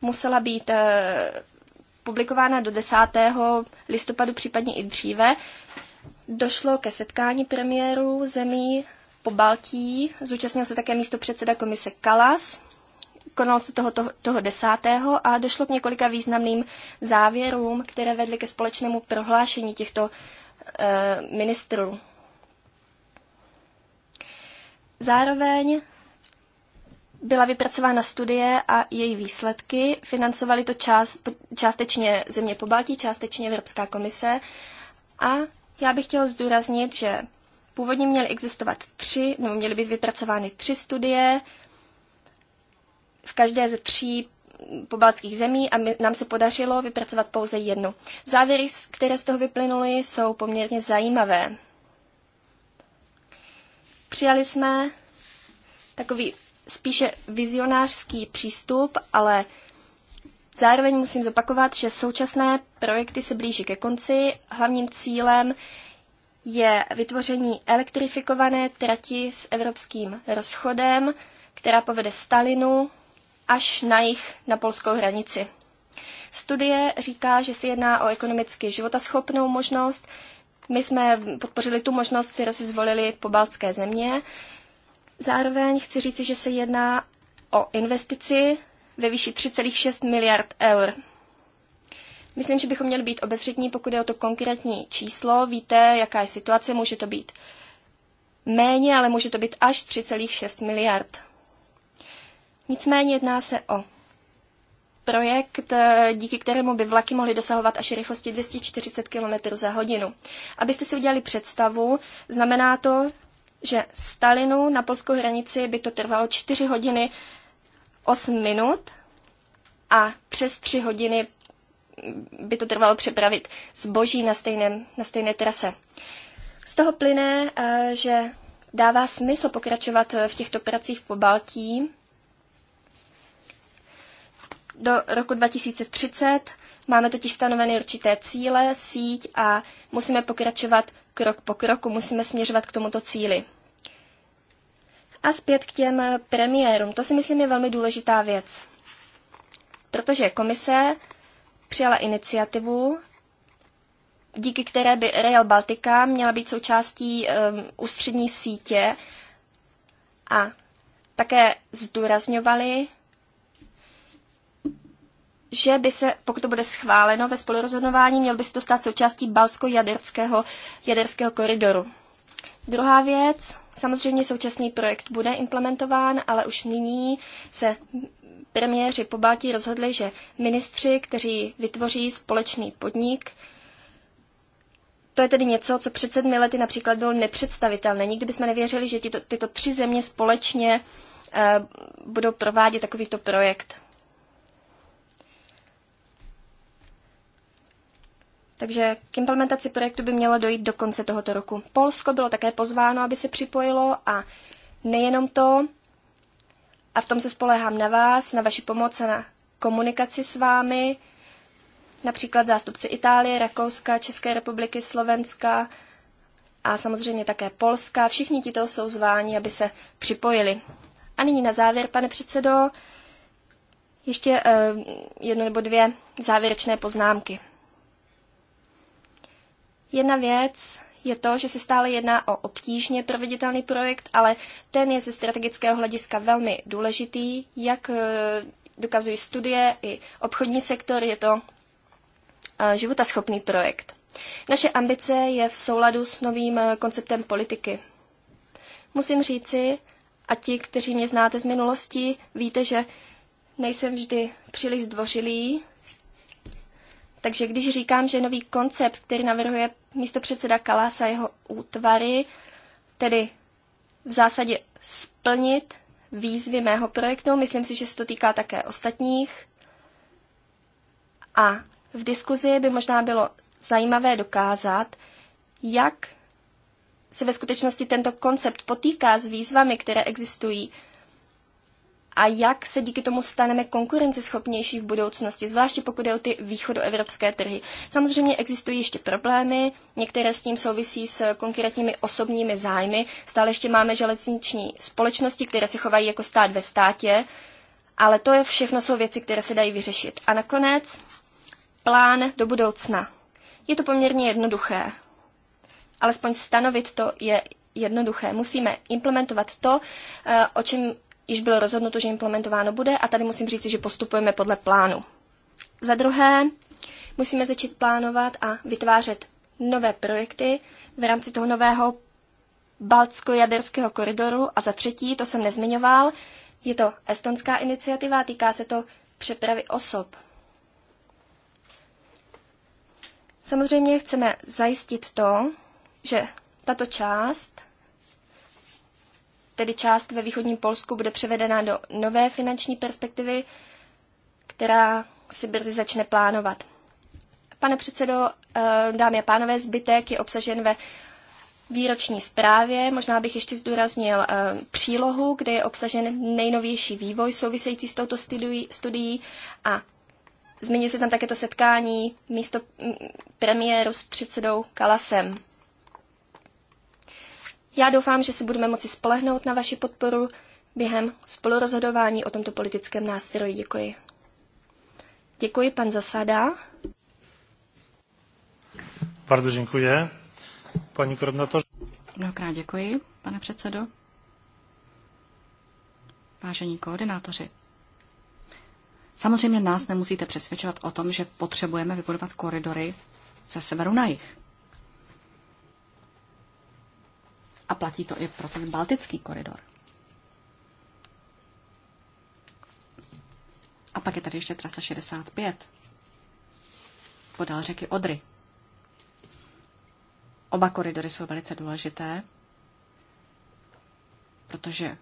musela být eh, publikována do 10. listopadu, případně i dříve. Došlo ke setkání premiérů zemí po Baltí. Zúčastnil se také místo předseda komise Kalas. Konal se toho, toho, toho desátého a došlo k několika významným závěrům, které vedly ke společnému prohlášení těchto e, ministrů. Zároveň byla vypracována studie a její výsledky. Financovali to část, částečně země po Baltí, částečně Evropská komise. A já bych chtěla zdůraznit, že původně měly existovat tři, nebo měly být vypracovány tři studie v každé ze tří pobaltských zemí a my, nám se podařilo vypracovat pouze jednu. Závěry, které z toho vyplynuly, jsou poměrně zajímavé. Přijali jsme takový spíše vizionářský přístup, ale zároveň musím zopakovat, že současné projekty se blíží ke konci. Hlavním cílem je vytvoření elektrifikované trati s evropským rozchodem, která povede Stalinu až na jich na polskou hranici. Studie říká, že se jedná o ekonomicky životaschopnou možnost. My jsme podpořili tu možnost, kterou si zvolili pobaltské země. Zároveň chci říci, že se jedná o investici ve výši 3,6 miliard eur. Myslím, že bychom měli být obezřetní, pokud je o to konkrétní číslo. Víte, jaká je situace, může to být méně, ale může to být až 3,6 miliard. Nicméně jedná se o projekt, díky kterému by vlaky mohly dosahovat až rychlosti 240 km za hodinu. Abyste si udělali představu, znamená to, že Stalinu na polskou hranici by to trvalo 4 hodiny 8 minut a přes 3 hodiny by to trvalo přepravit zboží na, stejném, na stejné trase. Z toho plyne, eh, že dává smysl pokračovat v těchto pracích po Baltí do roku 2030. Máme totiž stanoveny určité cíle, síť a musíme pokračovat krok po kroku musíme směřovat k tomuto cíli. A zpět k těm premiérům. To si myslím je velmi důležitá věc. Protože komise přijala iniciativu, díky které by Rail Baltica měla být součástí um, ústřední sítě a také zdůrazňovali že by se, pokud to bude schváleno ve spolurozhodnování, měl by se to stát součástí Balsko-jaderského jaderského koridoru. Druhá věc, samozřejmě současný projekt bude implementován, ale už nyní se premiéři po Baltii rozhodli, že ministři, kteří vytvoří společný podnik, to je tedy něco, co před sedmi lety například bylo nepředstavitelné. Nikdy bychom nevěřili, že tyto, tyto tři země společně uh, budou provádět takovýto projekt. Takže k implementaci projektu by mělo dojít do konce tohoto roku. Polsko bylo také pozváno, aby se připojilo a nejenom to, a v tom se spolehám na vás, na vaši pomoc a na komunikaci s vámi, například zástupci Itálie, Rakouska, České republiky, Slovenska a samozřejmě také Polska. Všichni ti to jsou zváni, aby se připojili. A nyní na závěr, pane předsedo, ještě eh, jedno nebo dvě závěrečné poznámky. Jedna věc je to, že se stále jedná o obtížně proveditelný projekt, ale ten je ze strategického hlediska velmi důležitý, jak e, dokazují studie i obchodní sektor, je to e, životaschopný projekt. Naše ambice je v souladu s novým e, konceptem politiky. Musím říci, a ti, kteří mě znáte z minulosti, víte, že nejsem vždy příliš zdvořilý, takže když říkám, že nový koncept, který navrhuje místo předseda Kalas a jeho útvary, tedy v zásadě splnit výzvy mého projektu, myslím si, že se to týká také ostatních. A v diskuzi by možná bylo zajímavé dokázat, jak se ve skutečnosti tento koncept potýká s výzvami, které existují a jak se díky tomu staneme konkurenceschopnější v budoucnosti, zvláště pokud je o ty východoevropské trhy. Samozřejmě existují ještě problémy, některé s tím souvisí s konkrétními osobními zájmy. Stále ještě máme železniční společnosti, které se chovají jako stát ve státě, ale to je všechno jsou věci, které se dají vyřešit. A nakonec plán do budoucna. Je to poměrně jednoduché. Alespoň stanovit to je jednoduché. Musíme implementovat to, eh, o čem již bylo rozhodnuto, že implementováno bude a tady musím říct, že postupujeme podle plánu. Za druhé, musíme začít plánovat a vytvářet nové projekty v rámci toho nového Baltsko-Jaderského koridoru a za třetí, to jsem nezmiňoval, je to estonská iniciativa, týká se to přepravy osob. Samozřejmě chceme zajistit to, že tato část tedy část ve východním Polsku, bude převedena do nové finanční perspektivy, která si brzy začne plánovat. Pane předsedo, eh, dámy a pánové, zbytek je obsažen ve výroční zprávě. Možná bych ještě zdůraznil eh, přílohu, kde je obsažen nejnovější vývoj související s touto studií a Zmíní se tam také to setkání místo premiéru s předsedou Kalasem. Já doufám, že se budeme moci spolehnout na vaši podporu během spolurozhodování o tomto politickém nástroji. Děkuji. Děkuji, pan Zasada. Bardzo děkuji. Pani koordynator. Mnohokrát děkuji, pane předsedo. Vážení koordinátoři, samozřejmě nás nemusíte přesvědčovat o tom, že potřebujeme vybudovat koridory ze severu na jih. A platí to i pro ten baltický koridor. A pak je tady ještě trasa 65 podél řeky Odry. Oba koridory jsou velice důležité, protože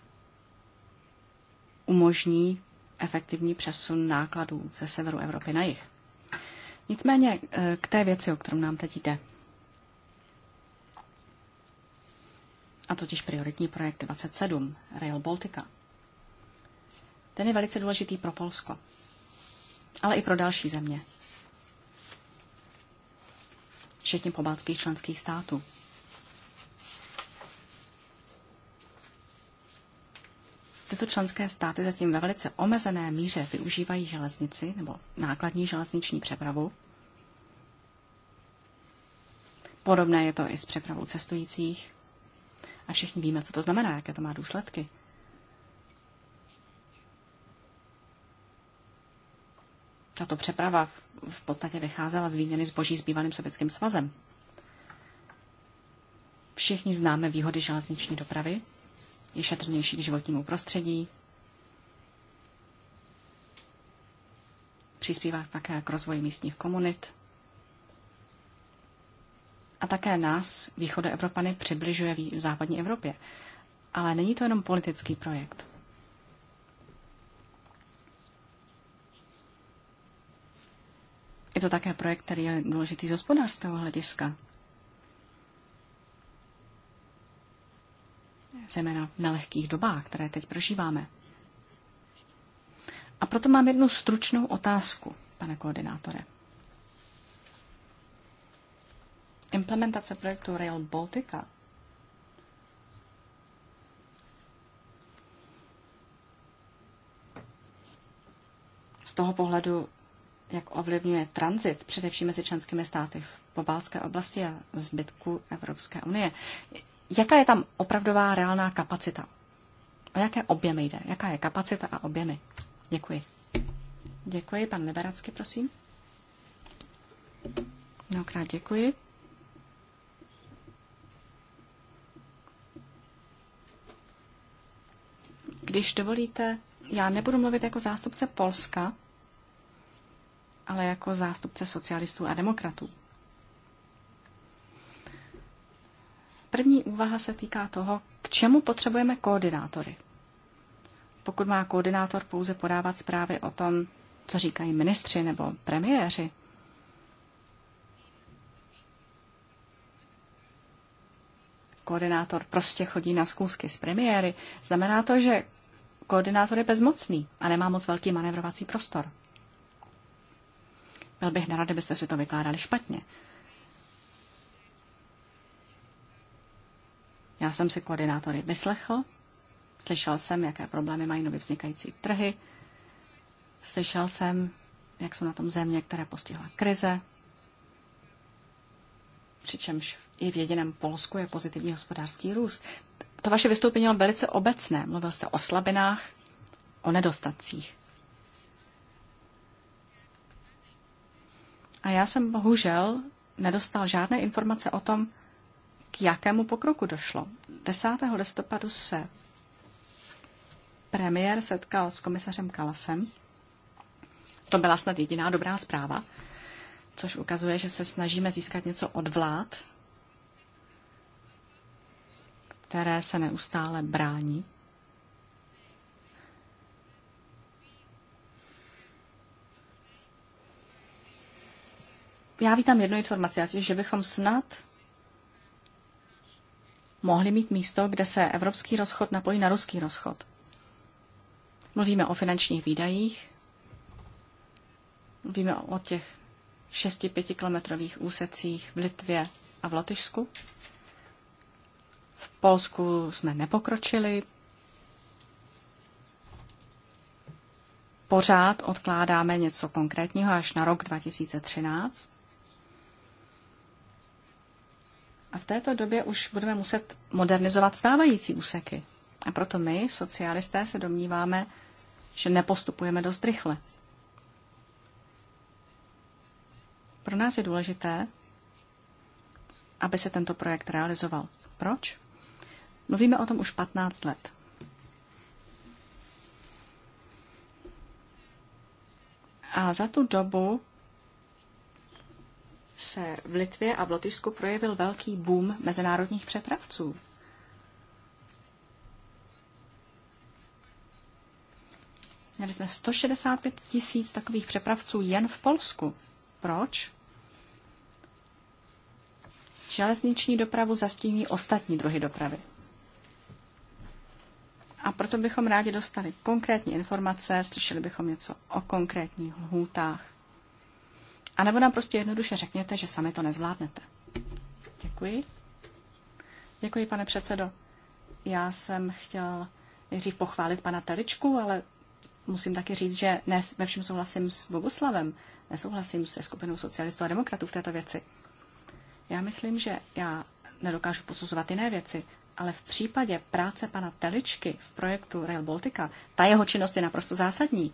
umožní efektivní přesun nákladů ze severu Evropy na jih. Nicméně eh, k té věci, o kterou nám teď jde. a totiž prioritní projekt 27, Rail Baltica. Ten je velice důležitý pro Polsko, ale i pro další země, včetně pobaltských členských států. Tyto členské státy zatím ve velice omezené míře využívají železnici nebo nákladní železniční přepravu. Podobné je to i s přepravou cestujících. A všichni víme, co to znamená, jaké to má důsledky. Tato přeprava v podstatě vycházela z výměny zboží s bývalým sovětským svazem. Všichni známe výhody železniční dopravy, je šetrnější k životnímu prostředí, přispívá také k rozvoji místních komunit, a také nás, východe Evropany, přibližuje v západní Evropě. Ale není to jenom politický projekt. Je to také projekt, který je důležitý z hospodářského hlediska. Zejména v nelehkých dobách, které teď prožíváme. A proto mám jednu stručnou otázku, pane koordinátore. Implementace projektu Rail Baltica z toho pohledu, jak ovlivňuje tranzit, především mezi členskými státy v pobalské oblasti a zbytku Evropské unie. Jaká je tam opravdová reálná kapacita? O jaké objemy jde? Jaká je kapacita a objemy? Děkuji. Děkuji. Pan Liberacky, prosím. Mnohokrát děkuji. Když dovolíte, já nebudu mluvit jako zástupce Polska, ale jako zástupce socialistů a demokratů. První úvaha se týká toho, k čemu potřebujeme koordinátory. Pokud má koordinátor pouze podávat zprávy o tom, co říkají ministři nebo premiéři, koordinátor prostě chodí na zkoušky s premiéry, znamená to, že koordinátor je bezmocný a nemá moc velký manevrovací prostor. Byl bych nerad, kdybyste si to vykládali špatně. Já jsem si koordinátory vyslechl, slyšel jsem, jaké problémy mají nově vznikající trhy, slyšel jsem, jak jsou na tom země, které postihla krize, přičemž i v jediném Polsku je pozitivní hospodářský růst to vaše vystoupení bylo velice obecné. Mluvil jste o slabinách, o nedostatcích. A já jsem bohužel nedostal žádné informace o tom, k jakému pokroku došlo. 10. listopadu se premiér setkal s komisařem Kalasem. To byla snad jediná dobrá zpráva, což ukazuje, že se snažíme získat něco od vlád, které se neustále brání. Já vítám jednu informaci, a že bychom snad mohli mít místo, kde se evropský rozchod napojí na ruský rozchod. Mluvíme o finančních výdajích, mluvíme o těch 6-5 kilometrových úsecích v Litvě a v Lotyšsku. V Polsku jsme nepokročili. Pořád odkládáme něco konkrétního až na rok 2013. A v této době už budeme muset modernizovat stávající úseky. A proto my, socialisté, se domníváme, že nepostupujeme dost rychle. Pro nás je důležité, aby se tento projekt realizoval. Proč? Mluvíme o tom už 15 let. A za tu dobu se v Litvě a v Lotyšsku projevil velký boom mezinárodních přepravců. Měli jsme 165 tisíc takových přepravců jen v Polsku. Proč? Železniční dopravu zastíní ostatní druhy dopravy. A proto bychom rádi dostali konkrétní informace, slyšeli bychom něco o konkrétních lhůtách. A nebo nám prostě jednoduše řekněte, že sami to nezvládnete. Děkuji. Děkuji, pane předsedo. Já jsem chtěl nejdřív pochválit pana Teličku, ale musím taky říct, že ne ve všem souhlasím s Boguslavem, nesouhlasím se skupinou socialistů a demokratů v této věci. Já myslím, že já nedokážu posuzovat jiné věci, ale v případě práce pana Teličky v projektu Rail Baltica, ta jeho činnost je naprosto zásadní.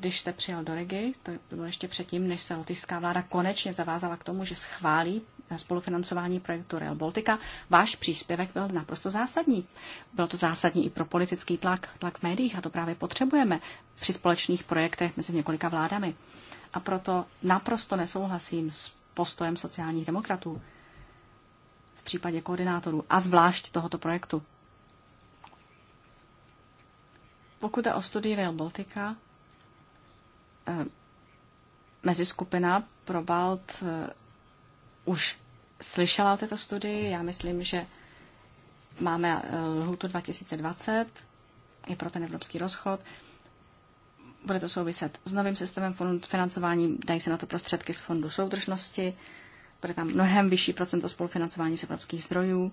Když jste přijel do Regi, to bylo ještě předtím, než se lotyšská vláda konečně zavázala k tomu, že schválí spolufinancování projektu Rail Baltica, váš příspěvek byl naprosto zásadní. Bylo to zásadní i pro politický tlak, tlak v médiích a to právě potřebujeme při společných projektech mezi několika vládami. A proto naprosto nesouhlasím s postojem sociálních demokratů případě koordinátorů a zvlášť tohoto projektu. Pokud je o studii Rail Baltica, eh, meziskupina pro Balt eh, už slyšela o této studii. Já myslím, že máme eh, lhutu 2020 i pro ten evropský rozchod. Bude to souviset s novým systémem financování, dají se na to prostředky z Fondu soudržnosti bude tam mnohem vyšší procento spolufinancování z evropských zdrojů.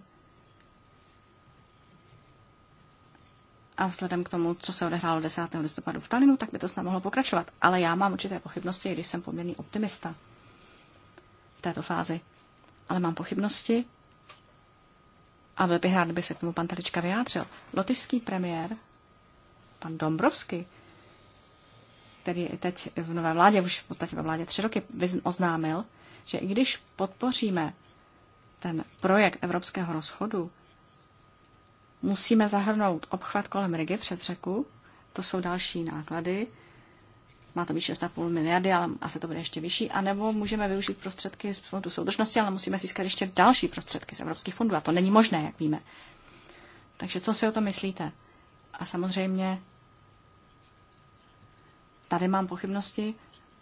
A vzhledem k tomu, co se odehrálo 10. listopadu v Talinu, tak by to snad mohlo pokračovat. Ale já mám určité pochybnosti, když jsem poměrný optimista v této fázi. Ale mám pochybnosti a byl bych rád, kdyby se k tomu pan Telička vyjádřil. Lotyšský premiér, pan Dombrovský, který je teď v nové vládě, už v podstatě ve vládě tři roky, oznámil, že i když podpoříme ten projekt evropského rozchodu, musíme zahrnout obchvat kolem Rigi přes řeku, to jsou další náklady, má to být 6,5 miliardy, ale asi to bude ještě vyšší, anebo můžeme využít prostředky z fondu soudržnosti, ale musíme získat ještě další prostředky z evropských fondů a to není možné, jak víme. Takže co si o to myslíte? A samozřejmě tady mám pochybnosti,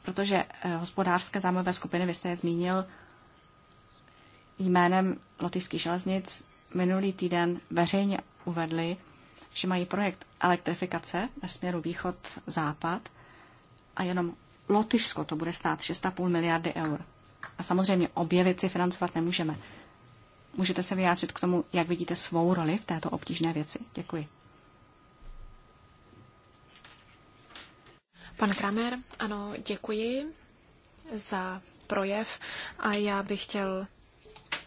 protože eh, hospodářské zájmové skupiny, vy jste je zmínil, jménem Lotyšských železnic minulý týden veřejně uvedli, že mají projekt elektrifikace ve směru východ-západ a jenom Lotyšsko to bude stát 6,5 miliardy eur. A samozřejmě obě věci financovat nemůžeme. Můžete se vyjádřit k tomu, jak vidíte svou roli v této obtížné věci? Děkuji. Pan Kramer, ano, děkuji za projev a já bych chtěl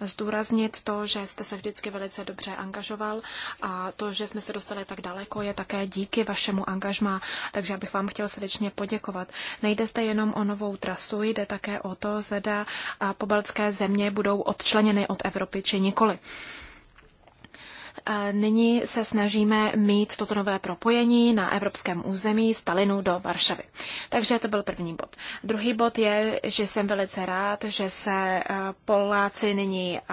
zdůraznit to, že jste se vždycky velice dobře angažoval a to, že jsme se dostali tak daleko, je také díky vašemu angažmá, takže já bych vám chtěl srdečně poděkovat. Nejde zde jenom o novou trasu, jde také o to, zda pobaltské země budou odčleněny od Evropy či nikoli. Nyní se snažíme mít toto nové propojení na evropském území z Talinu do Varšavy. Takže to byl první bod. Druhý bod je, že jsem velice rád, že se eh, Poláci nyní eh,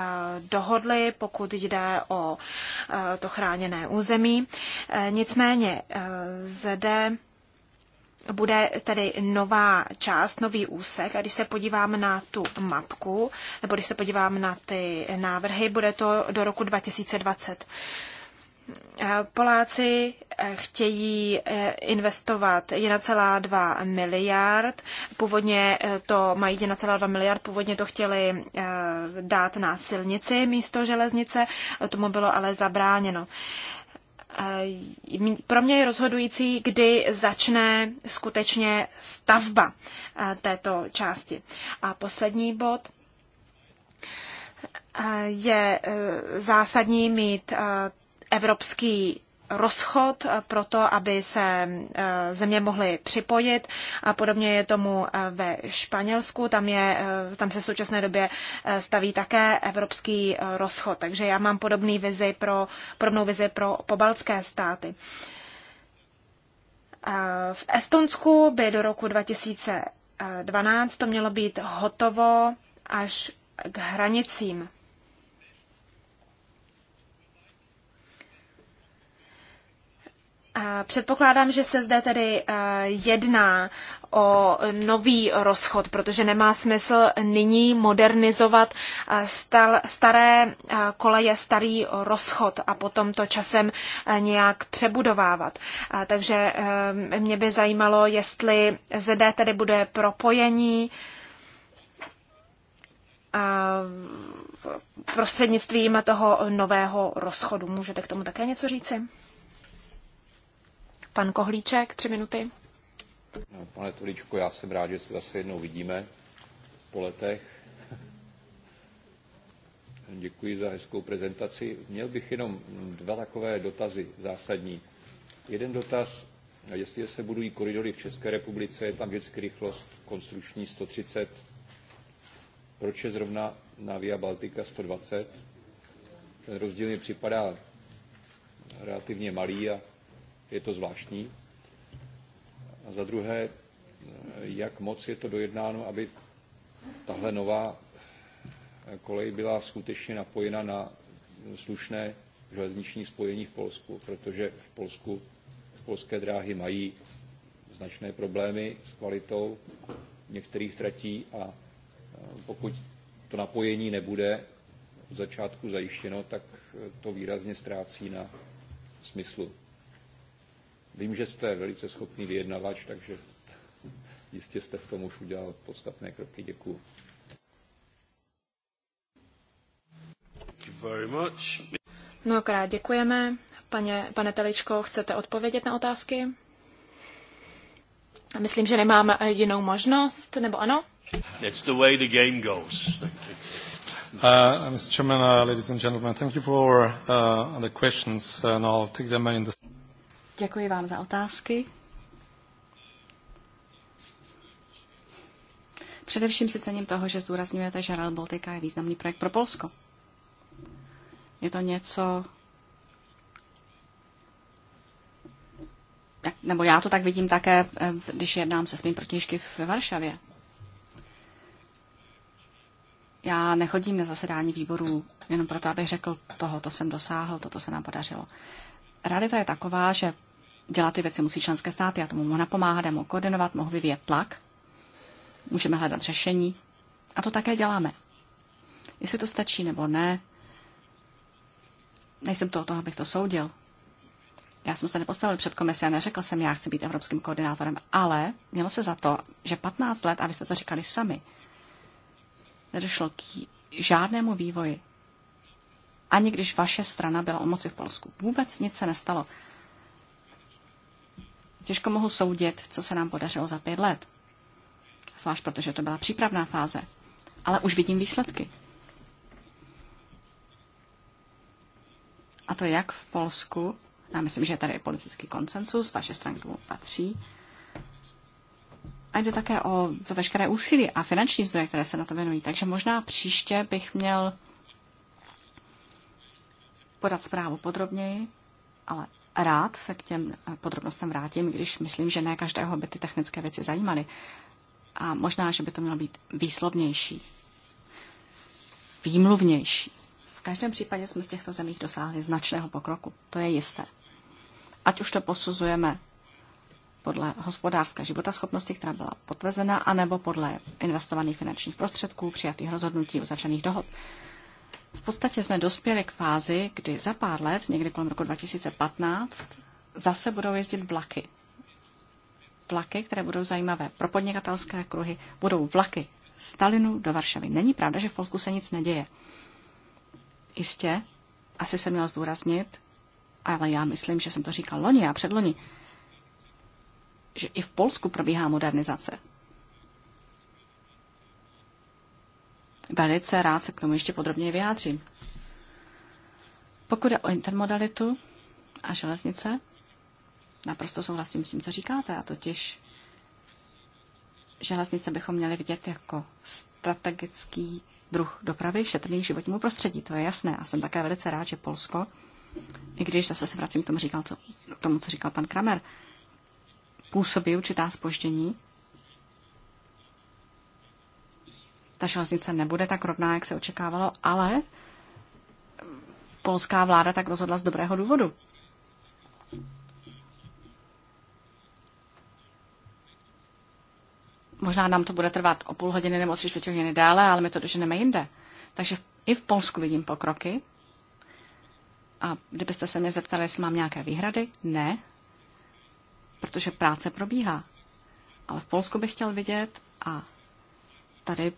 dohodli, pokud jde o eh, to chráněné území. Nicméně zde bude tedy nová část, nový úsek a když se podívám na tu mapku, nebo když se podívám na ty návrhy, bude to do roku 2020. Eh, Poláci eh, chtějí eh, investovat 1,2 miliard. Původně to mají 1,2 miliard, původně to chtěli dát na silnici místo železnice, tomu bylo ale zabráněno. Eh, pro mě je rozhodující, kdy začne skutečně stavba eh, této části. A poslední bod eh, je zásadní mít evropský rozchod pro to, aby se eh, země mohly připojit. A podobně je tomu eh, ve Španělsku, tam, je, eh, tam se v současné době staví také evropský rozchod. Takže já mám podobný vizi pro, podobnou vizi pro pobaltské státy. V Estonsku by do roku 2012 to mělo být hotovo až k hranicím Předpokládám, že se zde tedy eh, jedná o nový rozchod, protože nemá smysl nyní modernizovat eh, staré eh, koleje, starý rozchod a potom to časem nějak přebudovávat. Takže mě by zajímalo, jestli zde tedy bude propojení prostřednictvím toho nového rozchodu. Můžete k tomu také něco říci? Pan Kohlíček, tři minuty. No, pane Toličko, já jsem rád, že se zase jednou vidíme po letech. Děkuji za hezkou prezentaci. Měl bych jenom dva takové dotazy zásadní. Jeden dotaz, jestli se budují koridory v České republice, je tam vždycky rychlost konstrukční 130. Proč je zrovna na Via Baltica 120? Ten rozdíl mi připadá relativně malý a je to zvláštní. A za druhé, jak moc je to dojednáno, aby tahle nová kolej byla skutečně napojena na slušné železniční spojení v Polsku, protože v Polsku polské dráhy mají značné problémy s kvalitou některých tratí a pokud to napojení nebude od začátku zajištěno, tak to výrazně ztrácí na smyslu. Vím, že jste velice schopný vyjednavač, takže jistě jste v tom už udělal podstatné kroky. Děkuji. Mnohokrát děkujeme. Pane, pane Teličko, chcete odpovědět na otázky? Myslím, že nemáme jinou možnost, nebo ano? It's the way the game goes. Uh, Mr. Chairman, uh, ladies and gentlemen, thank you for uh, the questions, and I'll take them in the Děkuji vám za otázky. Především si cením toho, že zdůrazňujete, že Rail Baltica je významný projekt pro Polsko. Je to něco, nebo já to tak vidím také, eh, když jednám se svým protižky ve Varšavě. Já nechodím na zasedání výborů jenom proto, abych řekl, toho to jsem dosáhl, toto se nám podařilo realita je taková, že dělat ty věci musí členské státy a tomu mohu napomáhat, mohu koordinovat, mohu vyvíjet tlak, můžeme hledat řešení a to také děláme. Jestli to stačí nebo ne, nejsem to o toho, abych to soudil. Já jsem se nepostavil před komisi a neřekl jsem, já chci být evropským koordinátorem, ale mělo se za to, že 15 let, a vy jste to říkali sami, nedošlo k žádnému vývoji ani když vaše strana byla u moci v Polsku. Vůbec nic se nestalo. Těžko mohu soudit, co se nám podařilo za pět let. Zvlášť protože to byla přípravná fáze. Ale už vidím výsledky. A to jak v Polsku, já myslím, že tady je politický koncensus, vaše strany tomu patří, a jde také o to veškeré úsilí a finanční zdroje, které se na to věnují. Takže možná příště bych měl podat zprávu podrobněji, ale rád se k těm eh, podrobnostem vrátím, když myslím, že ne každého by ty technické věci zajímaly. A možná, že by to mělo být výslovnější, výmluvnější. V každém případě jsme v těchto zemích dosáhli značného pokroku, to je jisté. Ať už to posuzujeme podle hospodářské životaschopnosti, která byla potvrzena, anebo podle investovaných finančních prostředků, přijatých rozhodnutí, uzavřených dohod. V podstatě jsme dospěli k fázi, kdy za pár let, někdy kolem roku 2015, zase budou jezdit vlaky. Vlaky, které budou zajímavé pro podnikatelské kruhy, budou vlaky z do Varšavy. Není pravda, že v Polsku se nic neděje. Jistě, asi se měl zdůraznit, ale já myslím, že jsem to říkal loni a předloni, že i v Polsku probíhá modernizace. Velice rád se k tomu ještě podrobněji vyjádřím. Pokud je o intermodalitu a železnice, naprosto souhlasím s tím, co říkáte, a totiž železnice bychom měli vidět jako strategický druh dopravy šetrný k životnímu prostředí. To je jasné. A jsem také velice rád, že Polsko, i když zase se vracím k tomu, říkal, co, k tomu co říkal pan Kramer, působí určitá spoždění, Ta železnice nebude tak rovná, jak se očekávalo, ale polská vláda tak rozhodla z dobrého důvodu. Možná nám to bude trvat o půl hodiny nebo tři čtvrtě hodiny dále, ale my to doženeme jinde. Takže i v Polsku vidím pokroky. A kdybyste se mě zeptali, jestli mám nějaké výhrady, ne, protože práce probíhá. Ale v Polsku bych chtěl vidět a tady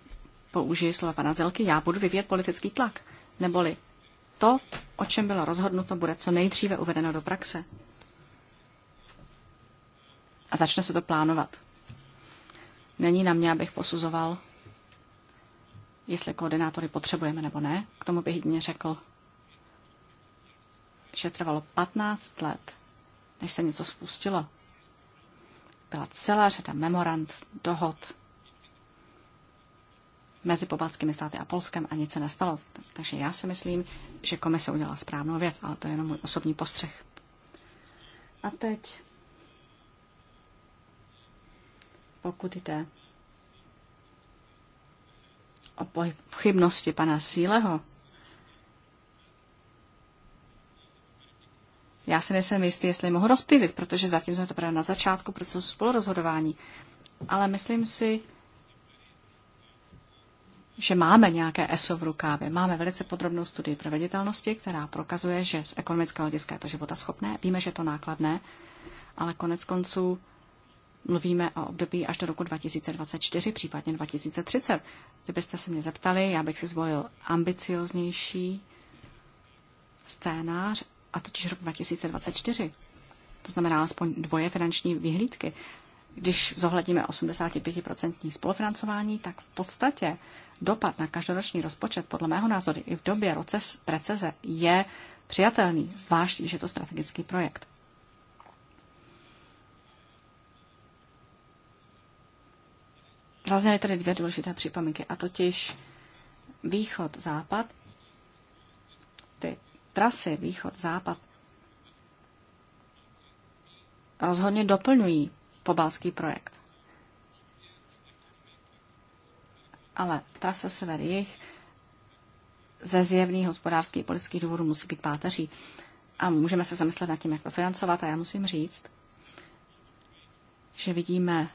použiji slova pana Zelky, já budu vyvíjet politický tlak. Neboli to, o čem bylo rozhodnuto, bude co nejdříve uvedeno do praxe. A začne se to plánovat. Není na mě, abych posuzoval, jestli koordinátory potřebujeme nebo ne. K tomu bych jedině řekl, že trvalo 15 let, než se něco spustilo. Byla celá řada memorand, dohod, mezi pobaltskými státy a Polskem a nic se nestalo. Takže já si myslím, že komise udělala správnou věc, ale to je jenom můj osobní postřeh. A teď, pokud jde o pochybnosti pana Síleho, Já si nejsem jistý, jestli mohu rozptýlit, protože zatím jsme právě na začátku procesu spolurozhodování. Ale myslím si, že máme nějaké ESO v rukávě. Máme velice podrobnou studii proveditelnosti, která prokazuje, že z ekonomického hlediska je to života schopné. Víme, že je to nákladné, ale konec konců mluvíme o období až do roku 2024, případně 2030. Kdybyste se mě zeptali, já bych si zvolil ambicioznější scénář, a totiž rok 2024. To znamená alespoň dvoje finanční vyhlídky. Když zohledníme 85% spolufinancování, tak v podstatě dopad na každoroční rozpočet podle mého názoru i v době proces preceze je přijatelný, zvlášť, že je to strategický projekt. Zazněly tady dvě důležité připomínky, a totiž východ-západ. Ty trasy východ-západ rozhodně doplňují pobalský projekt. ale trasa sever-jih ze zjevných hospodářských politických důvodů musí být páteří. A můžeme se zamyslet nad tím, jak to financovat. A já musím říct, že vidíme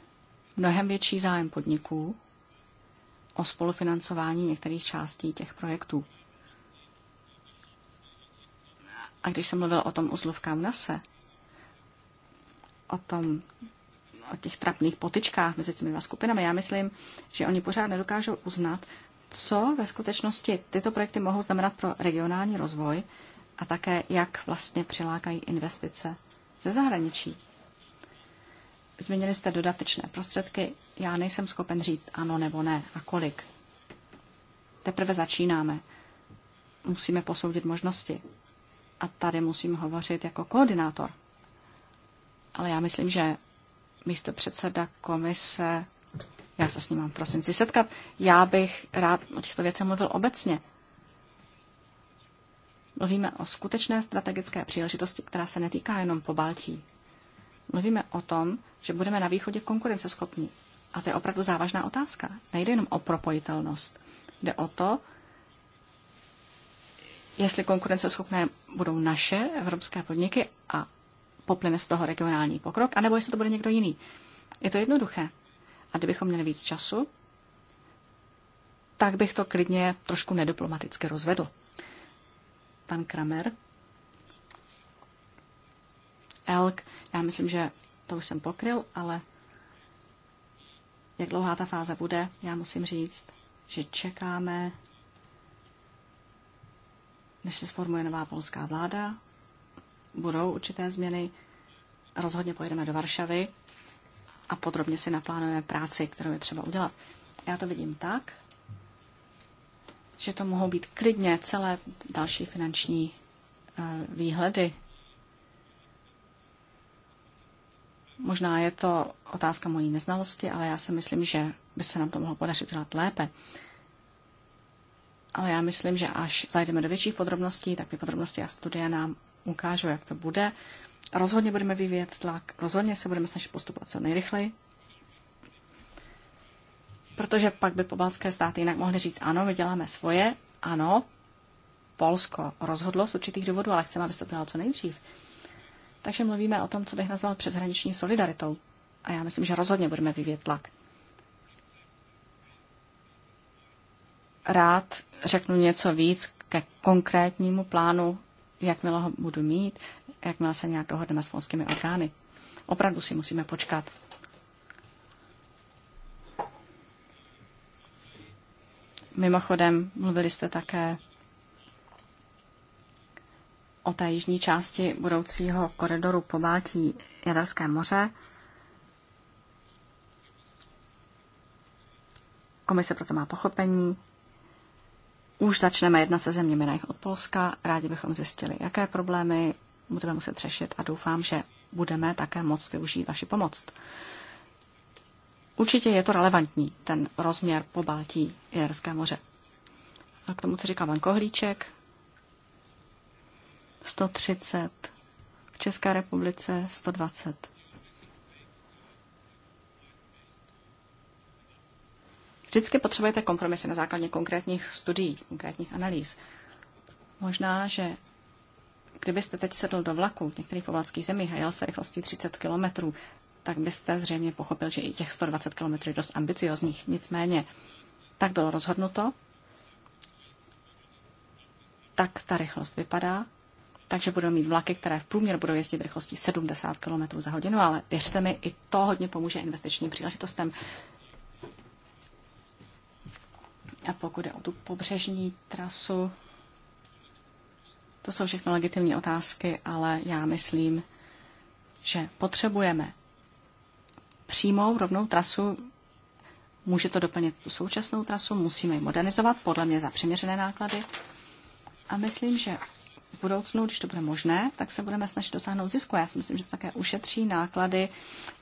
mnohem větší zájem podniků o spolufinancování některých částí těch projektů. A když jsem mluvil o tom uzlu v Kaunase, o tom o těch trapných potičkách mezi těmi dva skupinami. Já myslím, že oni pořád nedokážou uznat, co ve skutečnosti tyto projekty mohou znamenat pro regionální rozvoj a také jak vlastně přilákají investice ze zahraničí. Změnili jste dodatečné prostředky, já nejsem schopen říct ano nebo ne a kolik. Teprve začínáme. Musíme posoudit možnosti. A tady musím hovořit jako koordinátor. Ale já myslím, že místo předseda komise, já se s ním mám prosinci setkat, já bych rád o těchto věcech mluvil obecně. Mluvíme o skutečné strategické příležitosti, která se netýká jenom po Baltí. Mluvíme o tom, že budeme na východě konkurenceschopní. A to je opravdu závažná otázka. Nejde jenom o propojitelnost. Jde o to, jestli konkurenceschopné budou naše evropské podniky a poplyne z toho regionální pokrok, anebo jestli to bude někdo jiný. Je to jednoduché. A kdybychom měli víc času, tak bych to klidně trošku nediplomaticky rozvedl. Pan Kramer. Elk, já myslím, že to už jsem pokryl, ale jak dlouhá ta fáze bude, já musím říct, že čekáme, než se sformuje nová polská vláda, budou určité změny. Rozhodně pojedeme do Varšavy a podrobně si naplánujeme práci, kterou je třeba udělat. Já to vidím tak, že to mohou být klidně celé další finanční eh, výhledy. Možná je to otázka mojí neznalosti, ale já si myslím, že by se nám to mohlo podařit dělat lépe. Ale já myslím, že až zajdeme do větších podrobností, tak ty podrobnosti a studie nám ukážu, jak to bude. Rozhodně budeme vyvíjet tlak, rozhodně se budeme snažit postupovat co nejrychleji, protože pak by pobalské státy jinak mohly říct, ano, my děláme svoje, ano, Polsko rozhodlo z určitých důvodů, ale chceme, aby se to dělalo co nejdřív. Takže mluvíme o tom, co bych nazval přeshraniční solidaritou. A já myslím, že rozhodně budeme vyvíjet tlak. Rád řeknu něco víc ke konkrétnímu plánu jakmile ho budu mít, jakmile se nějak dohodneme s polskými orgány. Opravdu si musíme počkat. Mimochodem, mluvili jste také o té jižní části budoucího koridoru po Baltí Jaderské moře. Komise proto má pochopení, už začneme jednat se zeměmi na jich od Polska. Rádi bychom zjistili, jaké problémy budeme muset řešit a doufám, že budeme také moc využít vaši pomoc. Určitě je to relevantní, ten rozměr po Baltí Jerské moře. A k tomu, co říká pan Kohlíček, 130, v České republice 120. Vždycky potřebujete kompromisy na základě konkrétních studií, konkrétních analýz. Možná, že kdybyste teď sedl do vlaku v některých povládských zemích a jel se rychlostí 30 km, tak byste zřejmě pochopil, že i těch 120 km je dost ambiciozních. Nicméně, tak bylo rozhodnuto, tak ta rychlost vypadá, takže budou mít vlaky, které v průměru budou jezdit rychlostí 70 km za hodinu, ale věřte mi, i to hodně pomůže investičním příležitostem, a pokud je o tu pobřežní trasu, to jsou všechno legitimní otázky, ale já myslím, že potřebujeme přímou rovnou trasu. Může to doplnit tu současnou trasu, musíme ji modernizovat, podle mě za přiměřené náklady. A myslím, že v budoucnu, když to bude možné, tak se budeme snažit dosáhnout zisku. Já si myslím, že to také ušetří náklady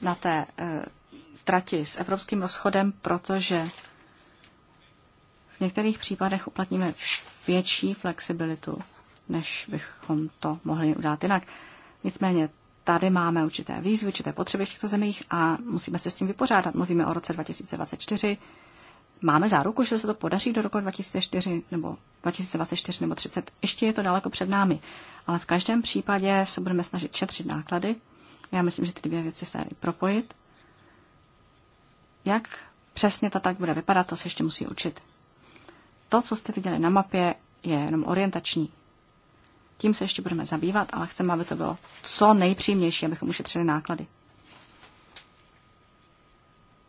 na té e, trati s evropským rozchodem, protože v některých případech uplatníme větší flexibilitu, než bychom to mohli udělat jinak. Nicméně tady máme určité výzvy, určité potřeby v těchto zemích a musíme se s tím vypořádat. Mluvíme o roce 2024. Máme záruku, že se to podaří do roku 2004 nebo 2024 nebo 30. Ještě je to daleko před námi, ale v každém případě se budeme snažit šetřit náklady. Já myslím, že ty dvě věci se dají propojit. Jak přesně ta tak bude vypadat, to se ještě musí učit to, co jste viděli na mapě, je jenom orientační. Tím se ještě budeme zabývat, ale chceme, aby to bylo co nejpřímější, abychom ušetřili náklady.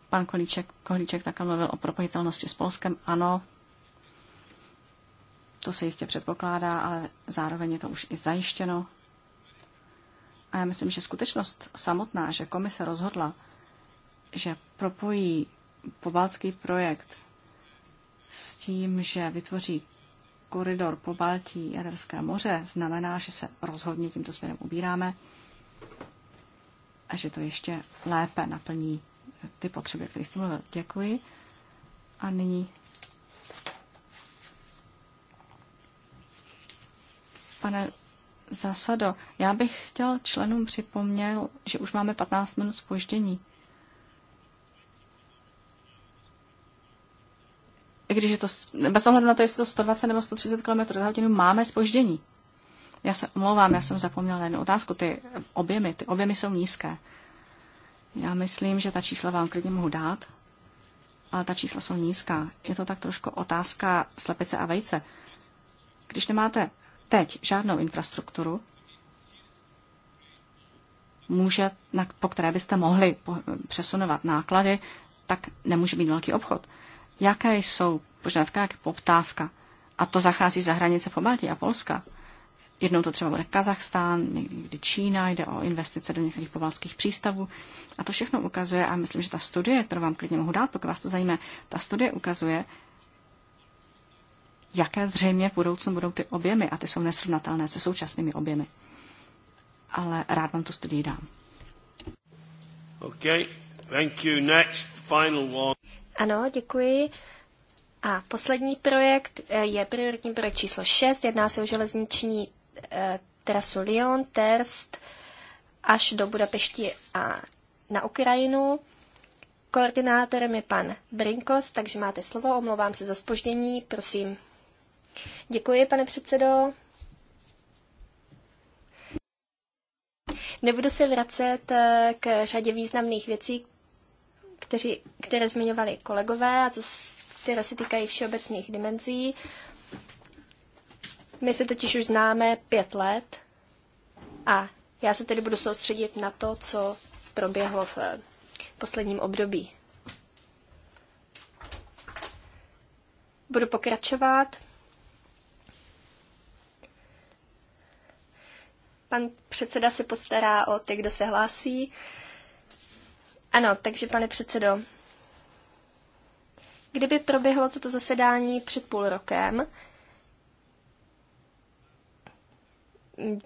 Pan Kolíček, Kohlíček také mluvil o propojitelnosti s Polskem. Ano, to se jistě předpokládá, ale zároveň je to už i zajištěno. A já myslím, že skutečnost samotná, že komise rozhodla, že propojí pobalský projekt s tím, že vytvoří koridor po Baltí Jaderské moře, znamená, že se rozhodně tímto směrem ubíráme a že to ještě lépe naplní eh, ty potřeby, které jste mluvil. Děkuji. A nyní Pane Zasado, já bych chtěl členům připomněl, že už máme 15 minut spoždění. i když je to, bez ohledu na to, jestli to 120 nebo 130 km za hodinu, máme spoždění. Já se omlouvám, já jsem zapomněla na jednu otázku. Ty objemy, ty objemy jsou nízké. Já myslím, že ta čísla vám klidně mohu dát, ale ta čísla jsou nízká. Je to tak trošku otázka slepice a vejce. Když nemáte teď žádnou infrastrukturu, může, na, po které byste mohli přesunovat náklady, tak nemůže být velký obchod jaké jsou požadavky, jak je poptávka. A to zachází za hranice po Baltii a Polska. Jednou to třeba bude Kazachstán, někdy Čína, jde o investice do některých povalských přístavů. A to všechno ukazuje, a myslím, že ta studie, kterou vám klidně mohu dát, pokud vás to zajímá, ta studie ukazuje, jaké zřejmě v budoucnu budou ty objemy, a ty jsou nesrovnatelné se současnými objemy. Ale rád vám tu studii dám. Okay. Thank you. Next, final one. Ano, děkuji. A poslední projekt eh, je prioritní projekt číslo 6. Jedná se o železniční eh, trasu Lyon, Terst až do Budapešti a na Ukrajinu. Koordinátorem je pan Brinkos, takže máte slovo. Omlouvám se za spoždění, prosím. Děkuji, pane předsedo. Nebudu se vracet eh, k řadě významných věcí, kteří, které zmiňovali kolegové a co, které se týkají všeobecných dimenzí. My se totiž už známe pět let a já se tedy budu soustředit na to, co proběhlo v eh, posledním období. Budu pokračovat. Pan předseda se postará o ty, kdo se hlásí. Uh, ano, takže pane předsedo, kdyby proběhlo toto zasedání před půl rokem,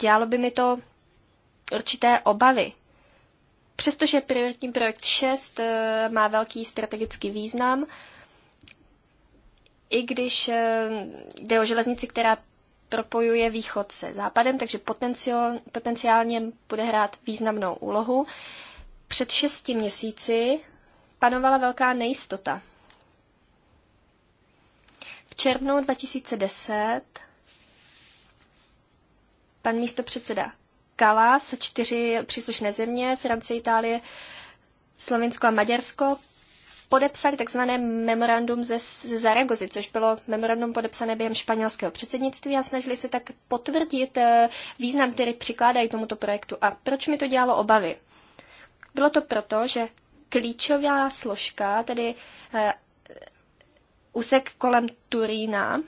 dělalo by mi to určité obavy. Přestože prioritní projekt 6 eh, má velký strategický význam, i když eh, jde o železnici, která propojuje východ se západem, takže potenciálně bude hrát významnou úlohu. Před šesti měsíci panovala velká nejistota. V červnu 2010 pan místopředseda Kala se čtyři příslušné země, Francie, Itálie, Slovinsko a Maďarsko, podepsali tzv. memorandum ze, ze Zaragozy, což bylo memorandum podepsané během španělského předsednictví a snažili se tak potvrdit eh, význam, který přikládají tomuto projektu. A proč mi to dělalo obavy? Bylo to proto, že klíčová složka, tedy uh, úsek kolem Turína,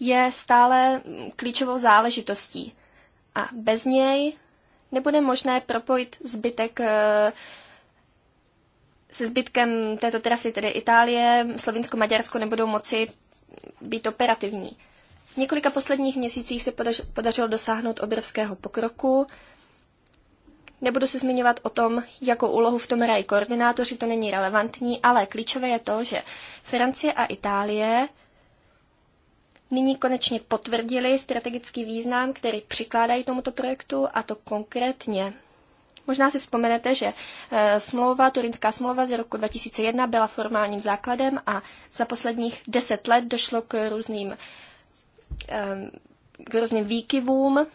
je stále klíčovou záležitostí. A bez něj nebude možné propojit zbytek eh, se zbytkem této trasy, tedy Itálie, Slovinsko, Maďarsko nebudou moci být operativní. V několika posledních měsících se podařilo dosáhnout obrovského pokroku. Nebudu se zmiňovat o tom, jakou úlohu v tom hrají koordinátoři, to není relevantní, ale klíčové je to, že Francie a Itálie nyní konečně potvrdili strategický význam, který přikládají tomuto projektu a to konkrétně. Možná si vzpomenete, že eh, smlouva, Turinská smlouva z roku 2001 byla formálním základem a za posledních deset let došlo k různým, eh, k různým výkyvům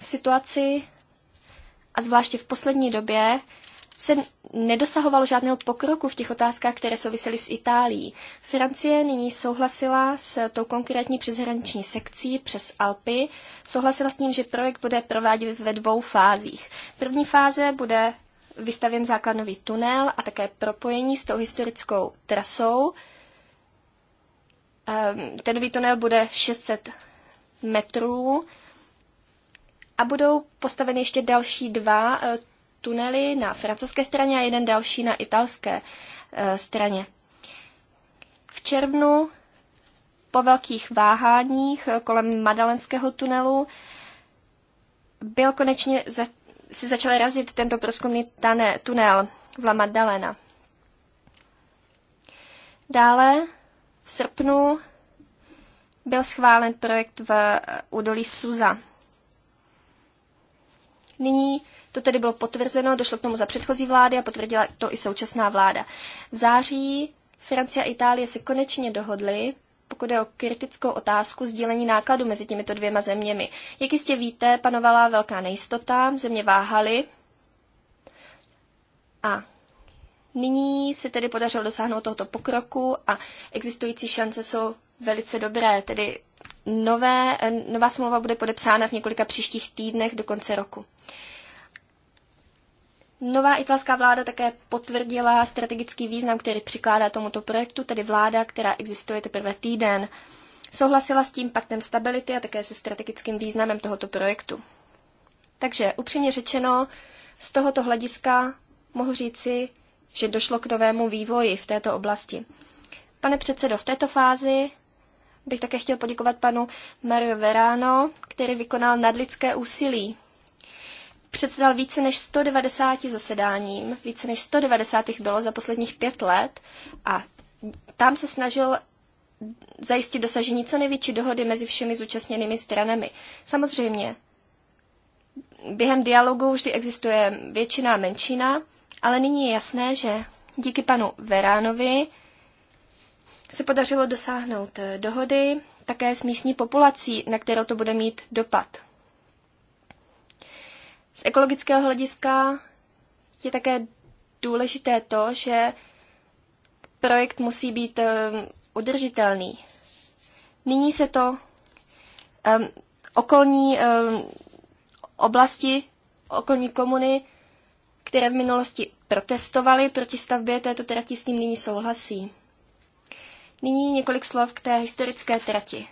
v situaci a zvláště v poslední době se nedosahovalo žádného pokroku v těch otázkách, které souvisely s Itálií. Francie nyní souhlasila s tou konkrétní přeshraniční sekcí přes Alpy. Souhlasila s tím, že projekt bude provádět ve dvou fázích. První fáze bude vystavěn základnový tunel a také propojení s tou historickou trasou. Ehm, ten nový tunel bude 600 metrů a budou postaveny ještě další dva eh, tunely na francouzské straně a jeden další na italské eh, straně. V červnu po velkých váháních eh, kolem Madalenského tunelu byl konečně za, si začal razit tento proskumný tane, tunel v La Maddalena. Dále v srpnu byl schválen projekt v údolí Suza. Nyní to tedy bylo potvrzeno, došlo k tomu za předchozí vlády a potvrdila to i současná vláda. V září Francie a Itálie se konečně dohodly, pokud je o kritickou otázku sdílení nákladu mezi těmito dvěma zeměmi. Jak jistě víte, panovala velká nejistota, země váhaly a nyní se tedy podařilo dosáhnout tohoto pokroku a existující šance jsou velice dobré. Tedy nové, nová smlouva bude podepsána v několika příštích týdnech do konce roku. Nová italská vláda také potvrdila strategický význam, který přikládá tomuto projektu, tedy vláda, která existuje teprve týden. Souhlasila s tím paktem stability a také se strategickým významem tohoto projektu. Takže upřímně řečeno, z tohoto hlediska mohu říci, že došlo k novému vývoji v této oblasti. Pane předsedo, v této fázi bych také chtěl poděkovat panu Mario Verano, který vykonal nadlidské úsilí. Předsedal více než 190 zasedáním, více než 190 bylo za posledních pět let a tam se snažil zajistit dosažení co největší dohody mezi všemi zúčastněnými stranami. Samozřejmě, během dialogu vždy existuje většina a menšina, ale nyní je jasné, že díky panu Veránovi se podařilo dosáhnout eh, dohody také s místní populací, na kterou to bude mít dopad. Z ekologického hlediska je také důležité to, že projekt musí být eh, udržitelný. Nyní se to um, okolní um, oblasti, okolní komuny, které v minulosti protestovaly proti stavbě této trati, s tím nyní souhlasí. Nyní několik slov k té historické trati.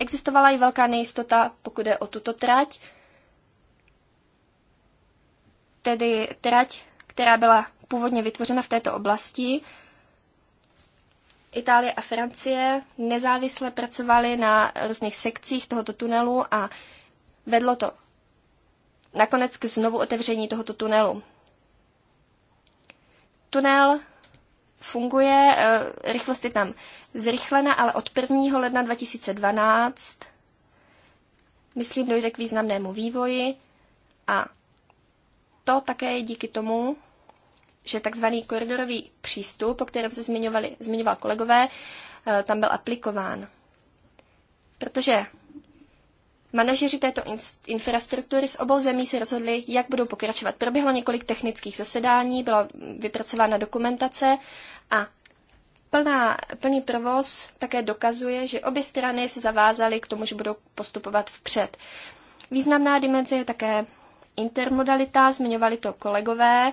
Existovala i velká nejistota, pokud je o tuto trať, tedy trať, která byla původně vytvořena v této oblasti. Itálie a Francie nezávisle pracovaly na různých sekcích tohoto tunelu a vedlo to nakonec k znovu otevření tohoto tunelu. Tunel funguje, eh, rychlost je tam zrychlena, ale od 1. ledna 2012 myslím dojde k významnému vývoji a to také je díky tomu, že takzvaný koridorový přístup, o kterém se zmiňovali, zmiňoval kolegové, eh, tam byl aplikován. Protože Manažeři této infrastruktury z obou zemí se rozhodli, jak budou pokračovat. Proběhlo několik technických zasedání, byla vypracována dokumentace a plná, plný provoz také dokazuje, že obě strany se zavázaly k tomu, že budou postupovat vpřed. Významná dimenze je také intermodalita, zmiňovali to kolegové.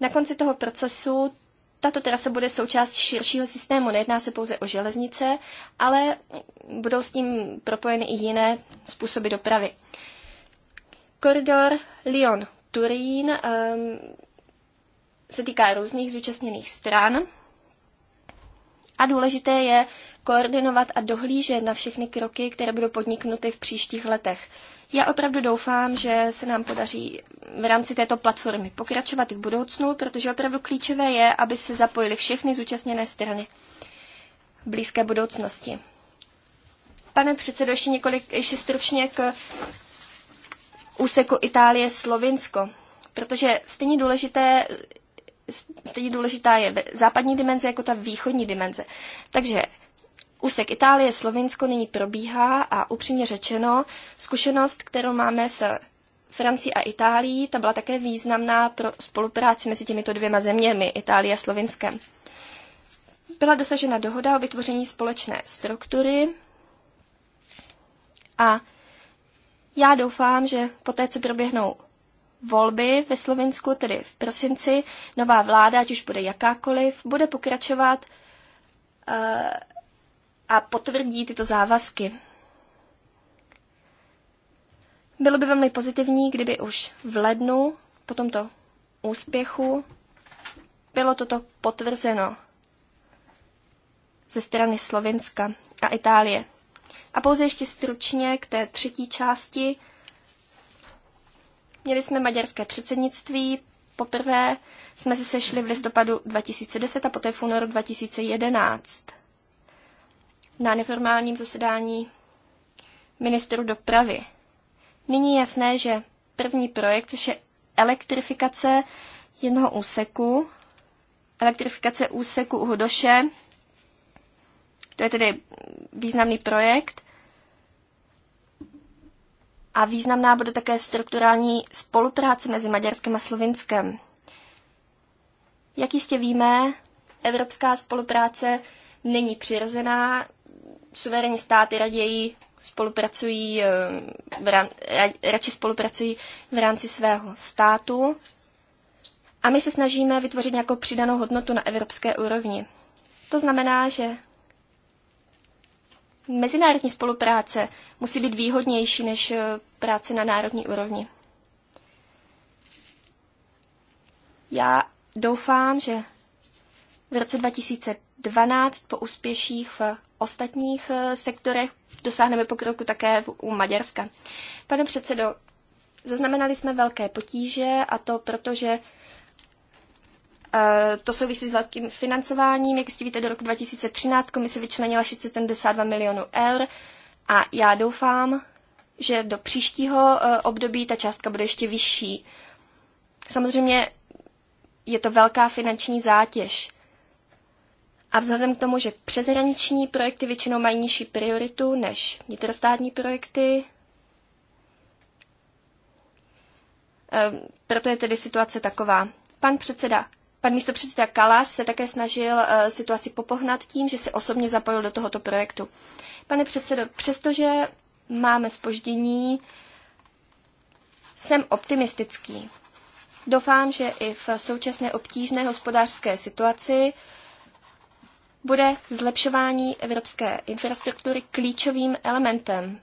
Na konci toho procesu tato trasa bude součást širšího systému. Nejedná se pouze o železnice, ale budou s tím propojeny i jiné způsoby dopravy. Koridor Lyon-Turín um, se týká různých zúčastněných stran a důležité je koordinovat a dohlížet na všechny kroky, které budou podniknuty v příštích letech. Já opravdu doufám, že se nám podaří v rámci této platformy pokračovat i v budoucnu, protože opravdu klíčové je, aby se zapojili všechny zúčastněné strany v blízké budoucnosti. Pane předsedo, ještě několik, ještě stručně k úseku Itálie-Slovinsko, protože stejně důležité stejně důležitá je západní dimenze jako ta východní dimenze. Takže Úsek Itálie, Slovinsko nyní probíhá a upřímně řečeno, zkušenost, kterou máme s Francii a Itálií, ta byla také významná pro spolupráci mezi těmito dvěma zeměmi, Itálie a Slovinskem. Byla dosažena dohoda o vytvoření společné struktury a já doufám, že poté, co proběhnou volby ve Slovinsku, tedy v prosinci, nová vláda, ať už bude jakákoliv, bude pokračovat uh, a potvrdí tyto závazky. Bylo by velmi pozitivní, kdyby už v lednu po tomto úspěchu bylo toto potvrzeno ze strany Slovenska a Itálie. A pouze ještě stručně k té třetí části. Měli jsme maďarské předsednictví. Poprvé jsme se sešli v listopadu 2010 a poté v únoru 2011 na neformálním zasedání ministru dopravy. Nyní je jasné, že první projekt, což je elektrifikace jednoho úseku, elektrifikace úseku u Hodoše, to je tedy významný projekt, a významná bude také strukturální spolupráce mezi Maďarskem a Slovinskem. Jak jistě víme, evropská spolupráce není přirozená, suverénní státy raději spolupracují, eh, radši spolupracují v rámci svého státu. A my se snažíme vytvořit nějakou přidanou hodnotu na evropské úrovni. To znamená, že mezinárodní spolupráce musí být výhodnější než eh, práce na národní úrovni. Já doufám, že v roce 2012 po úspěších v ostatních eh, sektorech dosáhneme pokroku také u Maďarska. Pane předsedo, zaznamenali jsme velké potíže a to proto, že eh, to souvisí s velkým financováním. Jak jste víte, do roku 2013 komise vyčlenila 672 milionů eur a já doufám, že do příštího eh, období ta částka bude ještě vyšší. Samozřejmě je to velká finanční zátěž. A vzhledem k tomu, že přeshraniční projekty většinou mají nižší prioritu než vnitrostátní projekty, eh, proto je tedy situace taková. Pan předseda, pan místopředseda Kalas se také snažil eh, situaci popohnat tím, že se osobně zapojil do tohoto projektu. Pane předsedo, přestože máme spoždění, jsem optimistický. Doufám, že i v současné obtížné hospodářské situaci bude zlepšování evropské infrastruktury klíčovým elementem.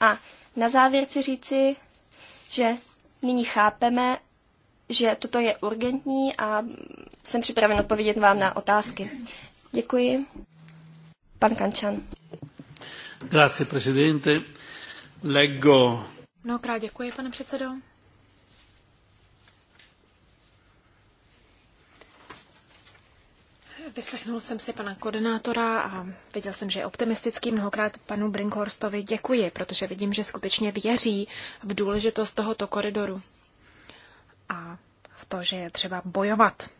A na závěr si říci, že nyní chápeme, že toto je urgentní a jsem připraven odpovědět vám na otázky. Děkuji. Pan Kančan. Grazie, presidente. Leggo. Mnohokrát děkuji, pane předsedo. Vyslechnul jsem si pana koordinátora a viděl jsem, že je optimistický. Mnohokrát panu Brinkhorstovi děkuji, protože vidím, že skutečně věří v důležitost tohoto koridoru a v to, že je třeba bojovat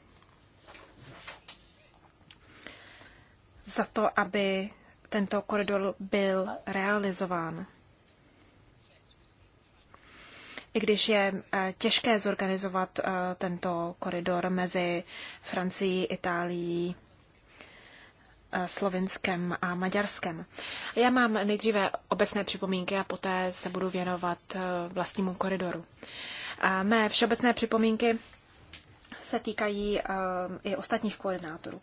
za to, aby tento koridor byl realizován i když je eh, těžké zorganizovat eh, tento koridor mezi Francií, Itálií, eh, Slovinskem a Maďarskem. Já mám nejdříve obecné připomínky a poté se budu věnovat vlastnímu koridoru. A mé všeobecné připomínky se týkají i ostatních koordinátorů.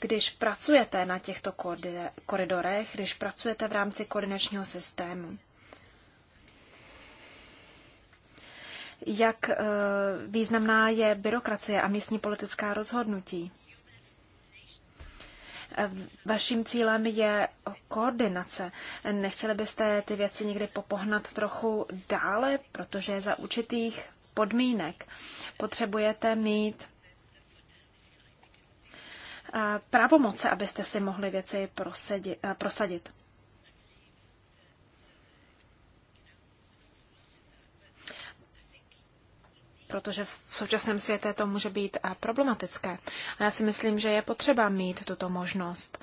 Když pracujete na těchto koridorech, když pracujete v rámci koordinačního systému, jak eh, významná je byrokracie a místní politická rozhodnutí. Eh, vaším cílem je koordinace. Nechtěli byste ty věci někdy popohnat trochu dále, protože za určitých podmínek potřebujete mít eh, pravomoce, abyste si mohli věci prosadit. protože v současném světě to může být eh, problematické. A já si myslím, že je potřeba mít tuto možnost.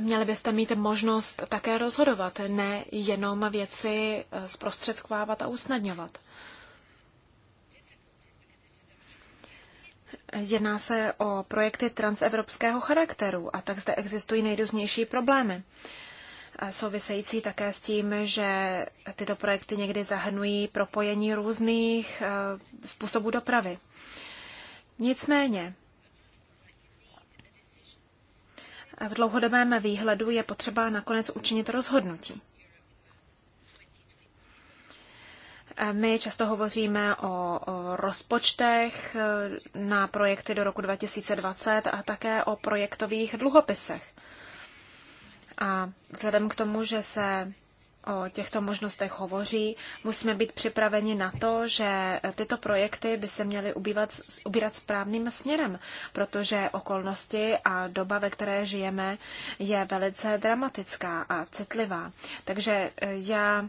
Měli byste mít možnost také rozhodovat, ne jenom věci eh, zprostředkovávat a usnadňovat. Jedná se o projekty transevropského charakteru a tak zde existují nejrůznější problémy související také s tím, že tyto projekty někdy zahrnují propojení různých eh, způsobů dopravy. Nicméně, v dlouhodobém výhledu je potřeba nakonec učinit rozhodnutí. Eh, my často hovoříme o, rozpočtech eh, na projekty do roku 2020 a také o projektových dluhopisech. A vzhledem k tomu, že se o těchto možnostech hovoří, musíme být připraveni na to, že tyto projekty by se měly ubývat, ubírat správným směrem, protože okolnosti a doba, ve které žijeme, je velice dramatická a citlivá. Takže eh, já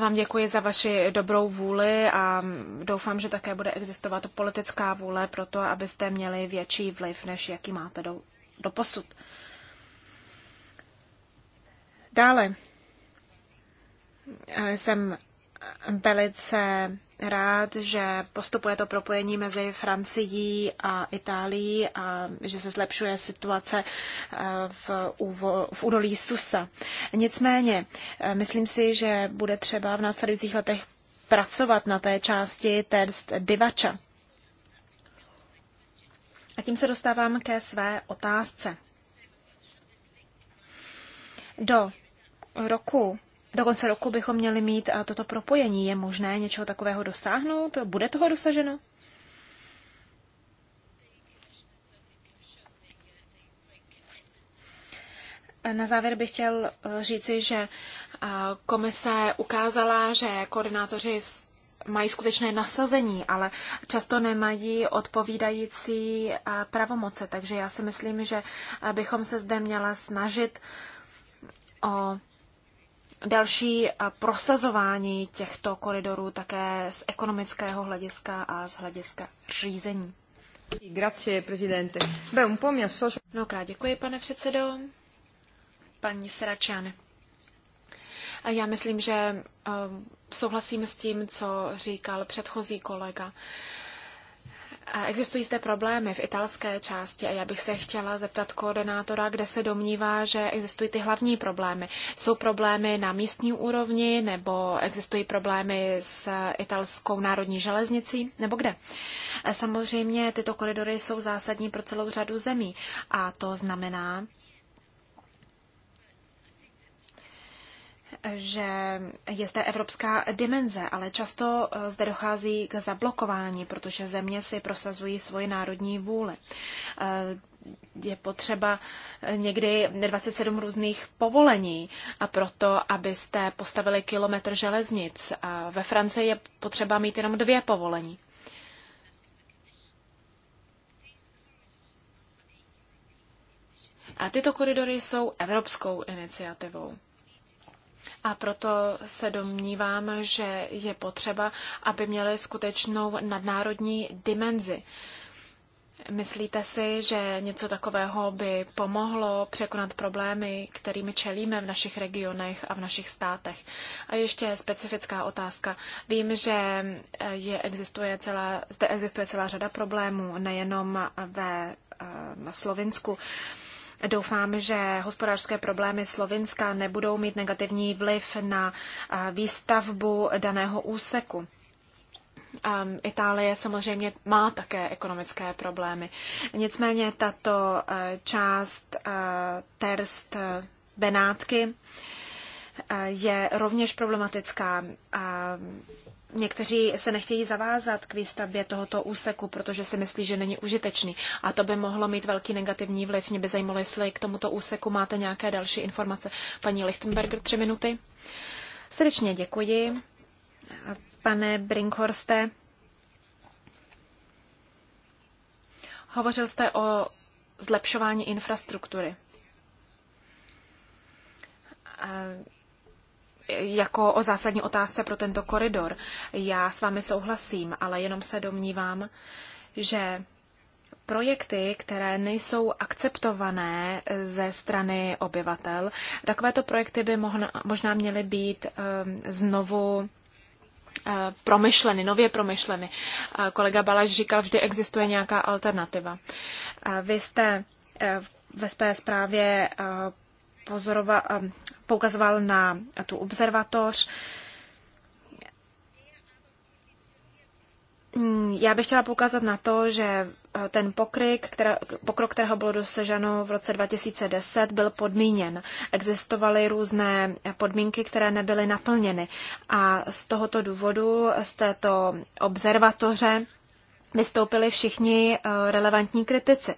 vám děkuji za vaši dobrou vůli a doufám, že také bude existovat politická vůle pro to, abyste měli větší vliv, než jaký máte do do posud. Dále eh, jsem velice rád, že postupuje to propojení mezi Francií a Itálií a že se zlepšuje situace eh, v, úvo, v údolí Susa. Nicméně, eh, myslím si, že bude třeba v následujících letech pracovat na té části test Divača tím se dostávám ke své otázce. Do roku, do konce roku bychom měli mít toto propojení. Je možné něčeho takového dosáhnout? Bude toho dosaženo? Na závěr bych chtěl eh, říci, že eh, komise ukázala, že koordinátoři mají skutečné nasazení, ale často nemají odpovídající eh, pravomoce. Takže já si myslím, že eh, bychom se zde měla snažit o další eh, prosazování těchto koridorů také z ekonomického hlediska a z hlediska řízení. Mnohokrát děkuji, pane předsedo. Paní Seračane. Já myslím, že souhlasím s tím, co říkal předchozí kolega. Existují zde problémy v italské části a já bych se chtěla zeptat koordinátora, kde se domnívá, že existují ty hlavní problémy. Jsou problémy na místní úrovni nebo existují problémy s italskou národní železnicí nebo kde? Samozřejmě tyto koridory jsou zásadní pro celou řadu zemí a to znamená, že je zde evropská dimenze, ale často eh, zde dochází k zablokování, protože země si prosazují svoji národní vůli. Eh, je potřeba eh, někdy 27 různých povolení a proto, abyste postavili kilometr železnic. A ve Francii je potřeba mít jenom dvě povolení. A tyto koridory jsou evropskou iniciativou a proto se domnívám, že je potřeba, aby měly skutečnou nadnárodní dimenzi. Myslíte si, že něco takového by pomohlo překonat problémy, kterými čelíme v našich regionech a v našich státech? A ještě specifická otázka. Vím, že eh, je, existuje celá, zde existuje celá řada problémů, nejenom ve eh, na Slovensku. Doufám, že hospodářské problémy Slovinska nebudou mít negativní vliv na eh, výstavbu daného úseku. Eh, Itálie samozřejmě má také ekonomické problémy. Nicméně tato eh, část terst Benátky je rovněž problematická. Někteří se nechtějí zavázat k výstavbě tohoto úseku, protože si myslí, že není užitečný. A to by mohlo mít velký negativní vliv. Mě by zajímalo, jestli k tomuto úseku máte nějaké další informace. Paní Lichtenberger, tři minuty. Srdečně děkuji. Pane Brinkhorste, hovořil jste o zlepšování infrastruktury jako o zásadní otázce pro tento koridor. Já s vámi souhlasím, ale jenom se domnívám, že projekty, které nejsou akceptované ze strany obyvatel, takovéto projekty by možná měly být ehm, znovu eh, promyšleny, nově promyšleny. Eh, kolega Balaš říkal, vždy existuje nějaká alternativa. Eh, vy jste ve své zprávě pozorova, poukazoval na tu observatoř. Já bych chtěla poukázat na to, že eh, ten pokryk, která, pokrok, kterého bylo dosaženo v roce 2010, byl podmíněn. Existovaly různé podmínky, které nebyly naplněny. A z tohoto důvodu, z této observatoře, vystoupili všichni eh, relevantní kritici.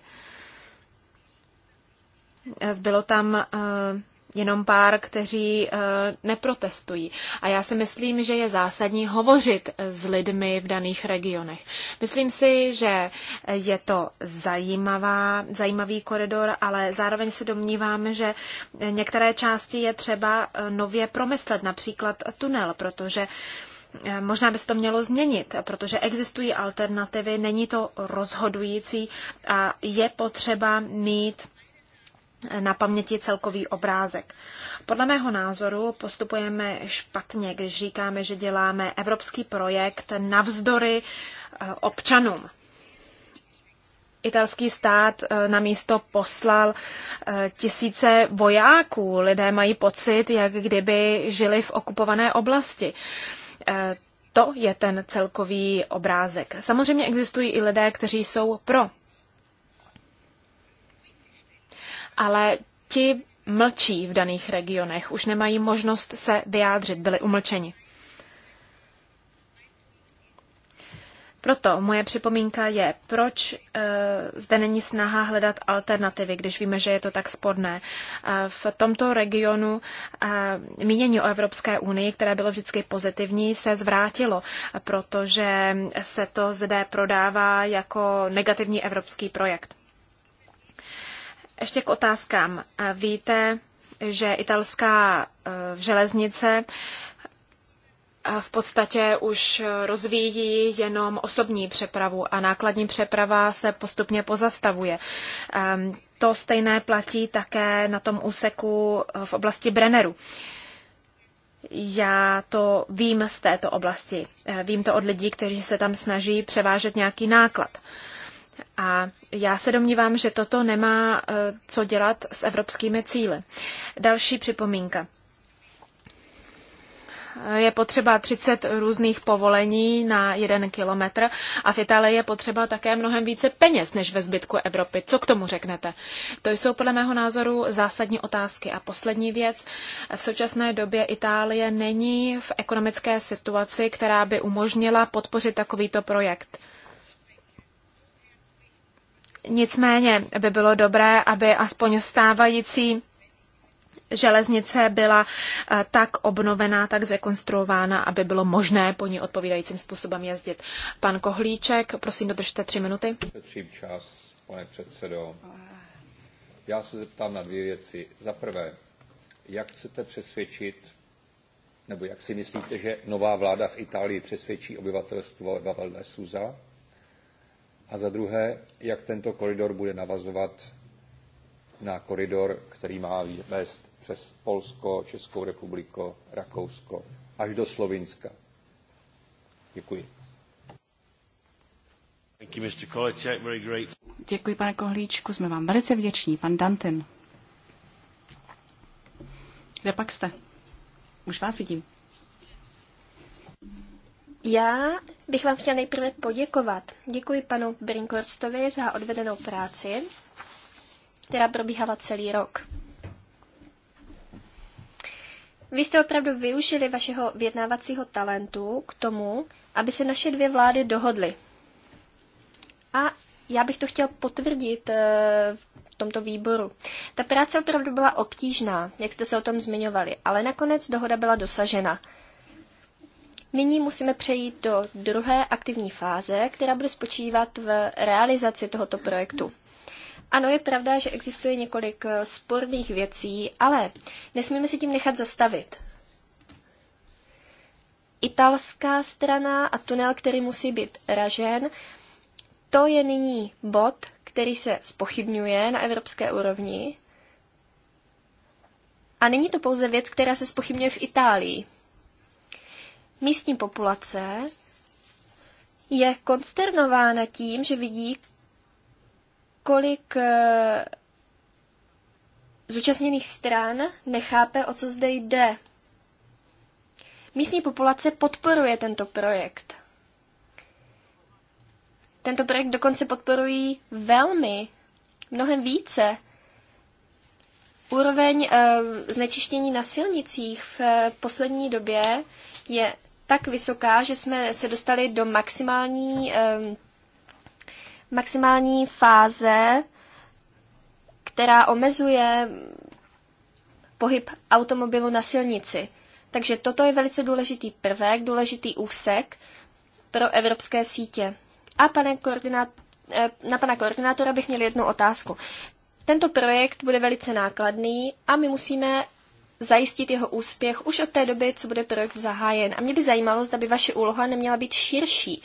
Zbylo tam eh, jenom pár, kteří eh, neprotestují. A já si myslím, že je zásadní hovořit s lidmi v daných regionech. Myslím si, že je to zajímavá, zajímavý koridor, ale zároveň se domnívám, že některé části je třeba eh, nově promyslet, například tunel, protože eh, Možná by se to mělo změnit, protože existují alternativy, není to rozhodující a je potřeba mít na paměti celkový obrázek. Podle mého názoru postupujeme špatně, když říkáme, že děláme evropský projekt navzdory e, občanům. Italský stát e, na místo poslal e, tisíce vojáků. Lidé mají pocit, jak kdyby žili v okupované oblasti. To je ten celkový obrázek. Samozřejmě existují i lidé, kteří jsou pro ale ti mlčí v daných regionech, už nemají možnost se vyjádřit, byli umlčeni. Proto moje připomínka je, proč e, zde není snaha hledat alternativy, když víme, že je to tak sporné. E, v tomto regionu e, mínění o Evropské unii, které bylo vždycky pozitivní, se zvrátilo, protože se to zde prodává jako negativní evropský projekt. Ještě k otázkám. Víte, že italská e, železnice e, v podstatě už rozvíjí jenom osobní přepravu a nákladní přeprava se postupně pozastavuje. E, to stejné platí také na tom úseku v oblasti Brenneru. Já to vím z této oblasti. Vím to od lidí, kteří se tam snaží převážet nějaký náklad. A já se domnívám, že toto nemá eh, co dělat s evropskými cíly. Další připomínka. Eh, je potřeba 30 různých povolení na jeden kilometr a v Itálii je potřeba také mnohem více peněz než ve zbytku Evropy. Co k tomu řeknete? To jsou podle mého názoru zásadní otázky. A poslední věc. V současné době Itálie není v ekonomické situaci, která by umožnila podpořit takovýto projekt. Nicméně by bylo dobré, aby aspoň stávající železnice byla eh, tak obnovená, tak zekonstruována, aby bylo možné po ní odpovídajícím způsobem jezdit. Pan Kohlíček, prosím, dodržte tři minuty. Třím čas, pane předsedo. Já se zeptám na dvě věci. Za prvé, jak chcete přesvědčit, nebo jak si myslíte, že nová vláda v Itálii přesvědčí obyvatelstvo Valle Suza, a za druhé, jak tento koridor bude navazovat na koridor, který má vést přes Polsko, Českou republiku, Rakousko až do Slovinska. Děkuji. Děkuji, pane Kohlíčku, jsme vám velice vděční. Pan Dantin. Kde pak jste? Už vás vidím. Já bych vám chtěl nejprve poděkovat. Děkuji panu Brinkhorstovi za odvedenou práci, která probíhala celý rok. Vy jste opravdu využili vašeho vyjednávacího talentu k tomu, aby se naše dvě vlády dohodly. A já bych to chtěl potvrdit eh, v tomto výboru. Ta práce opravdu byla obtížná, jak jste se o tom zmiňovali, ale nakonec dohoda byla dosažena. Nyní musíme přejít do druhé aktivní fáze, která bude spočívat v realizaci tohoto projektu. Ano, je pravda, že existuje několik eh, sporných věcí, ale nesmíme si tím nechat zastavit. Italská strana a tunel, který musí být ražen, to je nyní bod, který se spochybňuje na evropské úrovni. A není to pouze věc, která se spochybňuje v Itálii. Místní populace je konsternována tím, že vidí, kolik eh, zúčastněných stran nechápe, o co zde jde. Místní populace podporuje tento projekt. Tento projekt dokonce podporují velmi, mnohem více. Úroveň e, znečištění na silnicích v e, poslední době je tak vysoká, že jsme se dostali do maximální, maximální fáze, která omezuje pohyb automobilu na silnici. Takže toto je velice důležitý prvek, důležitý úsek pro evropské sítě. A pane koordinát, eh, na pana koordinátora bych měl jednu otázku. Tento projekt bude velice nákladný a my musíme zajistit jeho úspěch už od té doby, co bude projekt zahájen. A mě by zajímalo, zda by vaše úloha neměla být širší.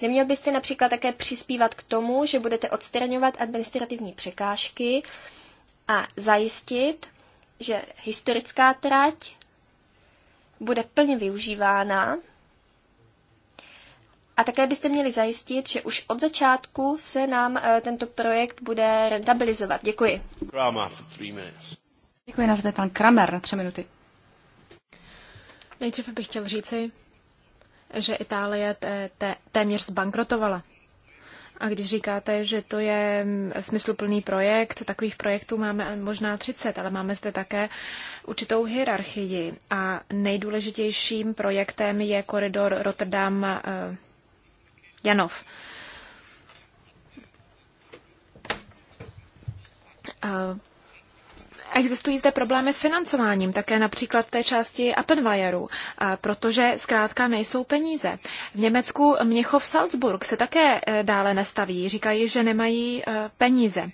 Neměl byste například také přispívat k tomu, že budete odstraňovat administrativní překážky a zajistit, že historická trať bude plně využívána a také byste měli zajistit, že už od začátku se nám eh, tento projekt bude rentabilizovat. Děkuji. Děkuji na zve pan Kramer na tři minuty. Nejdřív bych chtěl říci, že Itálie té, té, téměř zbankrotovala. A když říkáte, že to je mm, smysluplný projekt, takových projektů máme možná 30, ale máme zde také určitou hierarchii. A nejdůležitějším projektem je koridor Rotterdam-Janov. Eh, A eh, Existují zde problémy s financováním, také například v té části Appenweijeru, protože zkrátka nejsou peníze. V Německu Měchov Salzburg se také e, dále nestaví, říkají, že nemají e, peníze.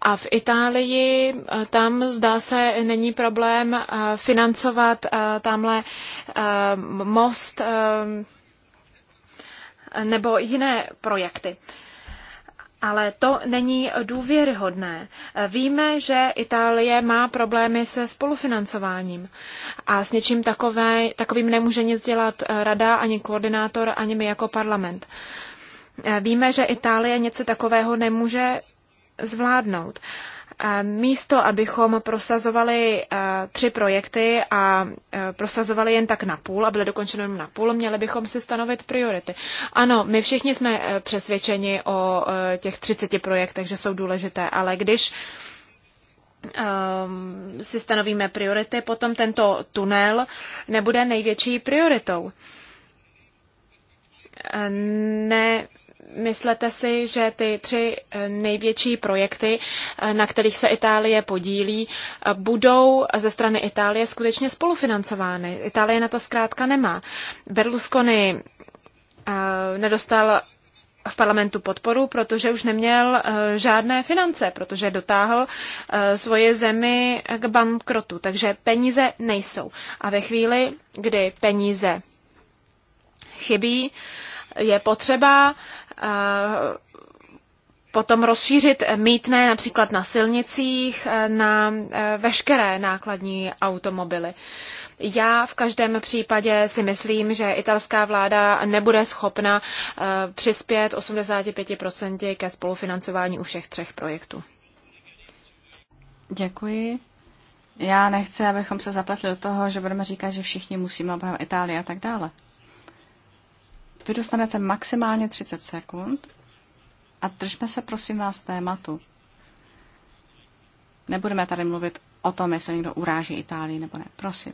A v Itálii e, tam zdá se není problém financovat tamhle most nebo jiné projekty ale to není důvěryhodné. Víme, že Itálie má problémy se spolufinancováním a s něčím takové, takovým nemůže nic dělat rada, ani koordinátor, ani my jako parlament. Víme, že Itálie něco takového nemůže zvládnout místo abychom prosazovali eh, tři projekty a eh, prosazovali jen tak na půl a byly dokončeno jen na půl, měli bychom si stanovit priority. Ano, my všichni jsme eh, přesvědčeni o těch 30 projektech, že jsou důležité, ale když ehm, si stanovíme priority, potom tento tunel nebude největší prioritou. Ne, myslete si, že ty tři eh, největší projekty, eh, na kterých se Itálie podílí, eh, budou ze strany Itálie skutečně spolufinancovány? Itálie na to zkrátka nemá. Berlusconi nedostal v parlamentu podporu, protože už neměl žádné finance, protože dotáhl svoje zemi k bankrotu. Takže peníze nejsou. A ve chvíli, kdy peníze chybí, je potřeba Eh, potom rozšířit mítné například na silnicích, eh, na eh, veškeré nákladní automobily. Já v každém případě si myslím, že italská vláda nebude schopna přispět 85% ke spolufinancování u všech třech projektů. Děkuji. Já nechci, abychom se zapletli do toho, že budeme říkat, že všichni musíme obhajovat Itálii a tak dále. Vy dostanete maximálně 30 sekund a držme se prosím vás tématu. Nebudeme tady mluvit o tom, jestli někdo uráží Itálii nebo ne. Prosím.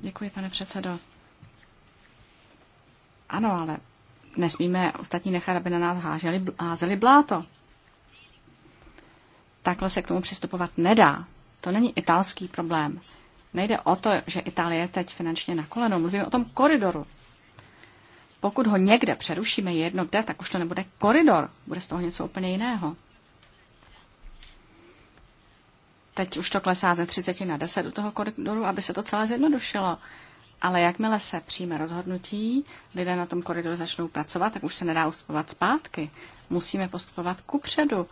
Děkuji, pane předsedo. Ano, ale nesmíme ostatní nechat, aby na nás háželi, házeli bláto. Takhle se k tomu přistupovat nedá. To není italský problém. Nejde o to, že Itálie je teď finančně na kolenou. Mluvíme o tom koridoru. Pokud ho někde přerušíme jedno kde, tak už to nebude koridor. Bude z toho něco úplně jiného. Teď už to klesá ze 30 na 10 u toho koridoru, aby se to celé zjednodušilo. Ale jakmile se přijme rozhodnutí, lidé na tom koridoru začnou pracovat, tak už se nedá ustupovat zpátky. Musíme postupovat kupředu,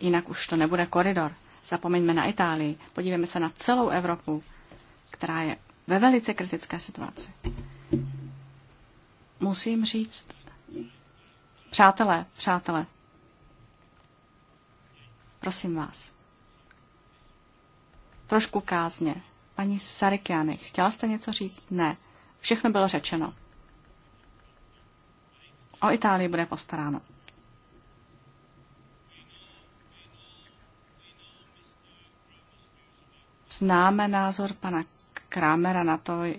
jinak už to nebude koridor. Zapomeňme na Itálii, podívejme se na celou Evropu která je ve velice kritické situaci. Musím říct, přátelé, přátelé, prosím vás, trošku kázně. Paní Sarikiany, chtěla jste něco říct? Ne. Všechno bylo řečeno. O Itálii bude postaráno. Známe názor pana Krámera na to, eh,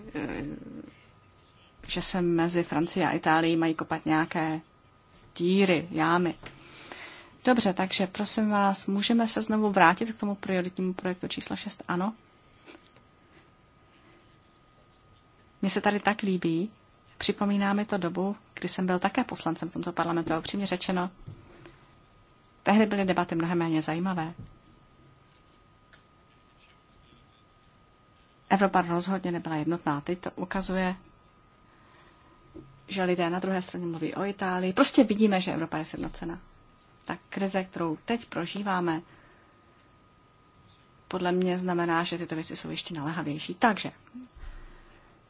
že se mezi Francií a Itálií mají kopat nějaké díry, jámy. Dobře, takže prosím vás, můžeme se znovu vrátit k tomu prioritnímu projektu číslo 6, ano? Mně se tady tak líbí, připomíná mi to dobu, kdy jsem byl také poslancem v tomto parlamentu a upřímně řečeno, tehdy byly debaty mnohem méně zajímavé. Evropa rozhodně nebyla jednotná. Teď to ukazuje, že lidé na druhé straně mluví o Itálii. Prostě vidíme, že Evropa je sjednocena. Ta krize, kterou teď prožíváme, podle mě znamená, že tyto věci jsou ještě naléhavější. Takže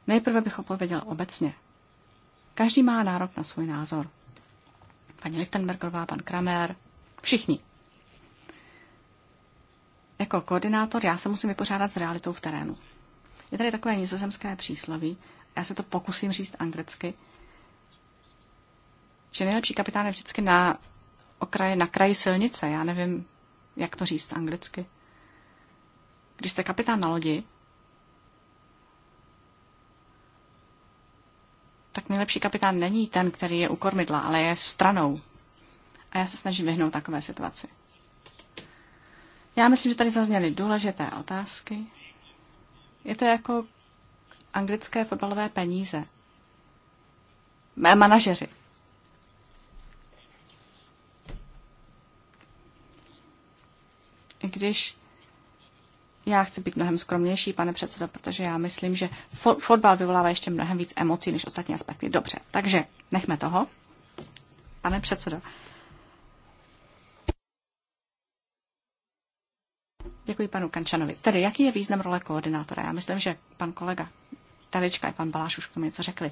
nejprve bych odpověděl obecně. Každý má nárok na svůj názor. Paní Lichtenbergová, pan Kramer, všichni. Jako koordinátor já se musím vypořádat s realitou v terénu. Je tady takové nizozemské přísloví, já se to pokusím říct anglicky, že nejlepší kapitán je vždycky na okraji, na kraji silnice. Já nevím, jak to říct anglicky. Když jste kapitán na lodi, tak nejlepší kapitán není ten, který je u kormidla, ale je stranou. A já se snažím vyhnout takové situaci. Já myslím, že tady zazněly důležité otázky. Je to jako anglické fotbalové peníze. Manažeři. I když já chci být mnohem skromnější, pane předsedo, protože já myslím, že fo- fotbal vyvolává ještě mnohem víc emocí než ostatní aspekty. Dobře, takže nechme toho. Pane předsedo, Děkuji panu Kančanovi. Tedy, jaký je význam role koordinátora? Já myslím, že pan kolega Talička i pan Baláš už k tomu něco řekli.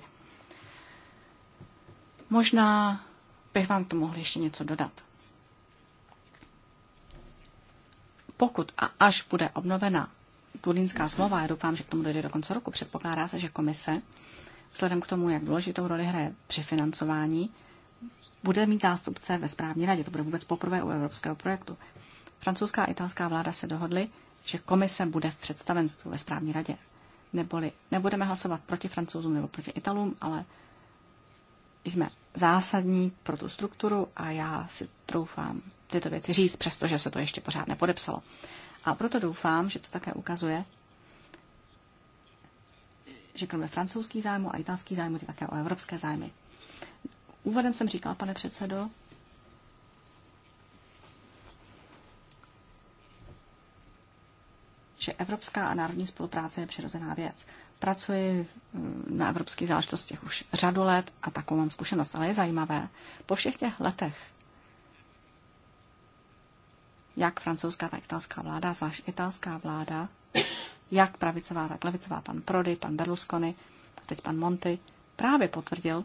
Možná bych vám to mohl ještě něco dodat. Pokud a až bude obnovena Turínská smlouva, já doufám, že k tomu dojde do konce roku, předpokládá se, že komise, vzhledem k tomu, jak důležitou roli hraje při financování, bude mít zástupce ve správní radě. To bude vůbec poprvé u evropského projektu. Francouzská a italská vláda se dohodly, že komise bude v představenstvu ve správní radě. Neboli nebudeme hlasovat proti francouzům nebo proti Italům, ale jsme zásadní pro tu strukturu a já si troufám tyto věci říct, přestože se to ještě pořád nepodepsalo. A proto doufám, že to také ukazuje, že kromě francouzských zájmů a italských zájmů je také o evropské zájmy. Úvodem jsem říkal, pane předsedo, že evropská a národní spolupráce je přirozená věc. Pracuji mm, na evropských záležitostech už řadu let a takovou mám zkušenost, ale je zajímavé, po všech těch letech, jak francouzská, tak italská vláda, zvlášť italská vláda, jak pravicová, tak levicová, pan Prody, pan Berlusconi, a teď pan Monty, právě potvrdil,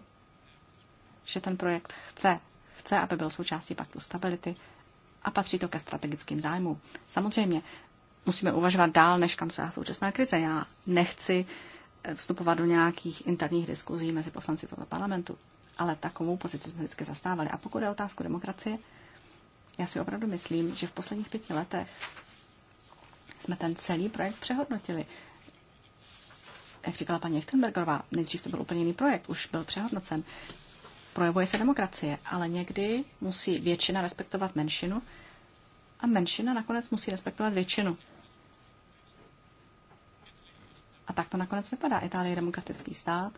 že ten projekt chce, chce, aby byl součástí paktu stability a patří to ke strategickým zájmům. Samozřejmě musíme uvažovat dál, než kam se současná krize. Já nechci eh, vstupovat do nějakých interních diskuzí mezi poslanci tohoto parlamentu, ale takovou pozici jsme vždycky zastávali. A pokud je otázku demokracie, já si opravdu myslím, že v posledních pěti letech jsme ten celý projekt přehodnotili. Jak říkala paní Echtenbergerová, nejdřív to byl úplně jiný projekt, už byl přehodnocen. Projevuje se demokracie, ale někdy musí většina respektovat menšinu a menšina nakonec musí respektovat většinu tak to nakonec vypadá. Itálie je demokratický stát,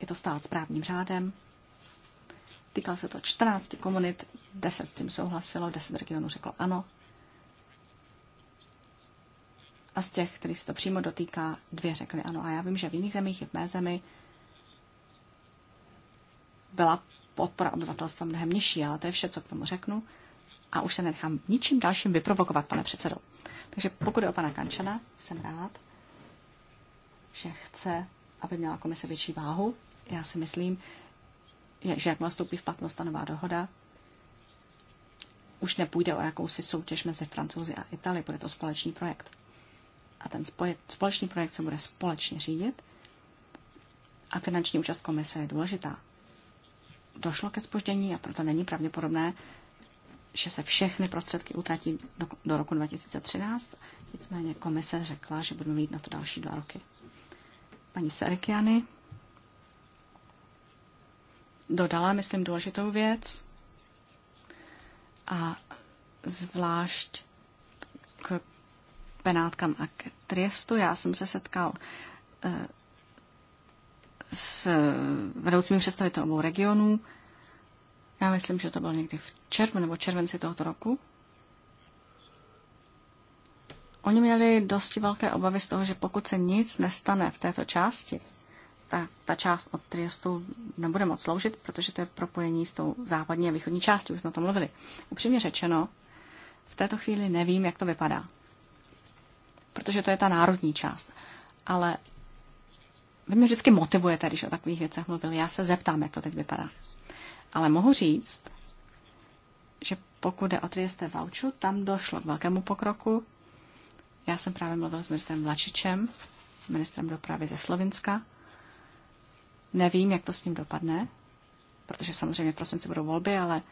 je to stát s právním řádem, týkal se to 14 komunit, 10 s tím souhlasilo, 10 regionů řeklo ano. A z těch, který se to přímo dotýká, dvě řekly ano. A já vím, že v jiných zemích i v mé zemi byla podpora obyvatelstva mnohem nižší, ale to je vše, co k tomu řeknu. A už se nechám ničím dalším vyprovokovat, pane předsedo. Takže pokud je o pana Kančana, jsem rád že chce, aby měla komise větší váhu. Já si myslím, že jakmile vstoupí v platnost ta nová dohoda, už nepůjde o jakousi soutěž mezi Francouzi a Itálii, bude to společný projekt. A ten společný projekt se bude společně řídit a finanční účast komise je důležitá. Došlo ke spoždění a proto není pravděpodobné, že se všechny prostředky utratí do, do roku 2013. Nicméně komise řekla, že budeme mít na to další dva roky paní Serikiany dodala, myslím, důležitou věc a zvlášť k penátkám a k triestu. Já jsem se setkal eh, s vedoucími představitelů regionů. Já myslím, že to bylo někdy v červnu nebo červenci tohoto roku. Oni měli dosti velké obavy z toho, že pokud se nic nestane v této části, ta, ta část od Triestu nebude moc sloužit, protože to je propojení s tou západní a východní částí, už jsme o tom mluvili. Upřímně řečeno, v této chvíli nevím, jak to vypadá, protože to je ta národní část. Ale vy mě vždycky motivujete, když o takových věcech mluvil. Já se zeptám, jak to teď vypadá. Ale mohu říct, že pokud jde o Trieste Vauču, tam došlo k velkému pokroku. Já jsem právě mluvil s ministrem Vlačičem, ministrem dopravy ze Slovinska. Nevím, jak to s ním dopadne, protože samozřejmě v prosinci budou volby, ale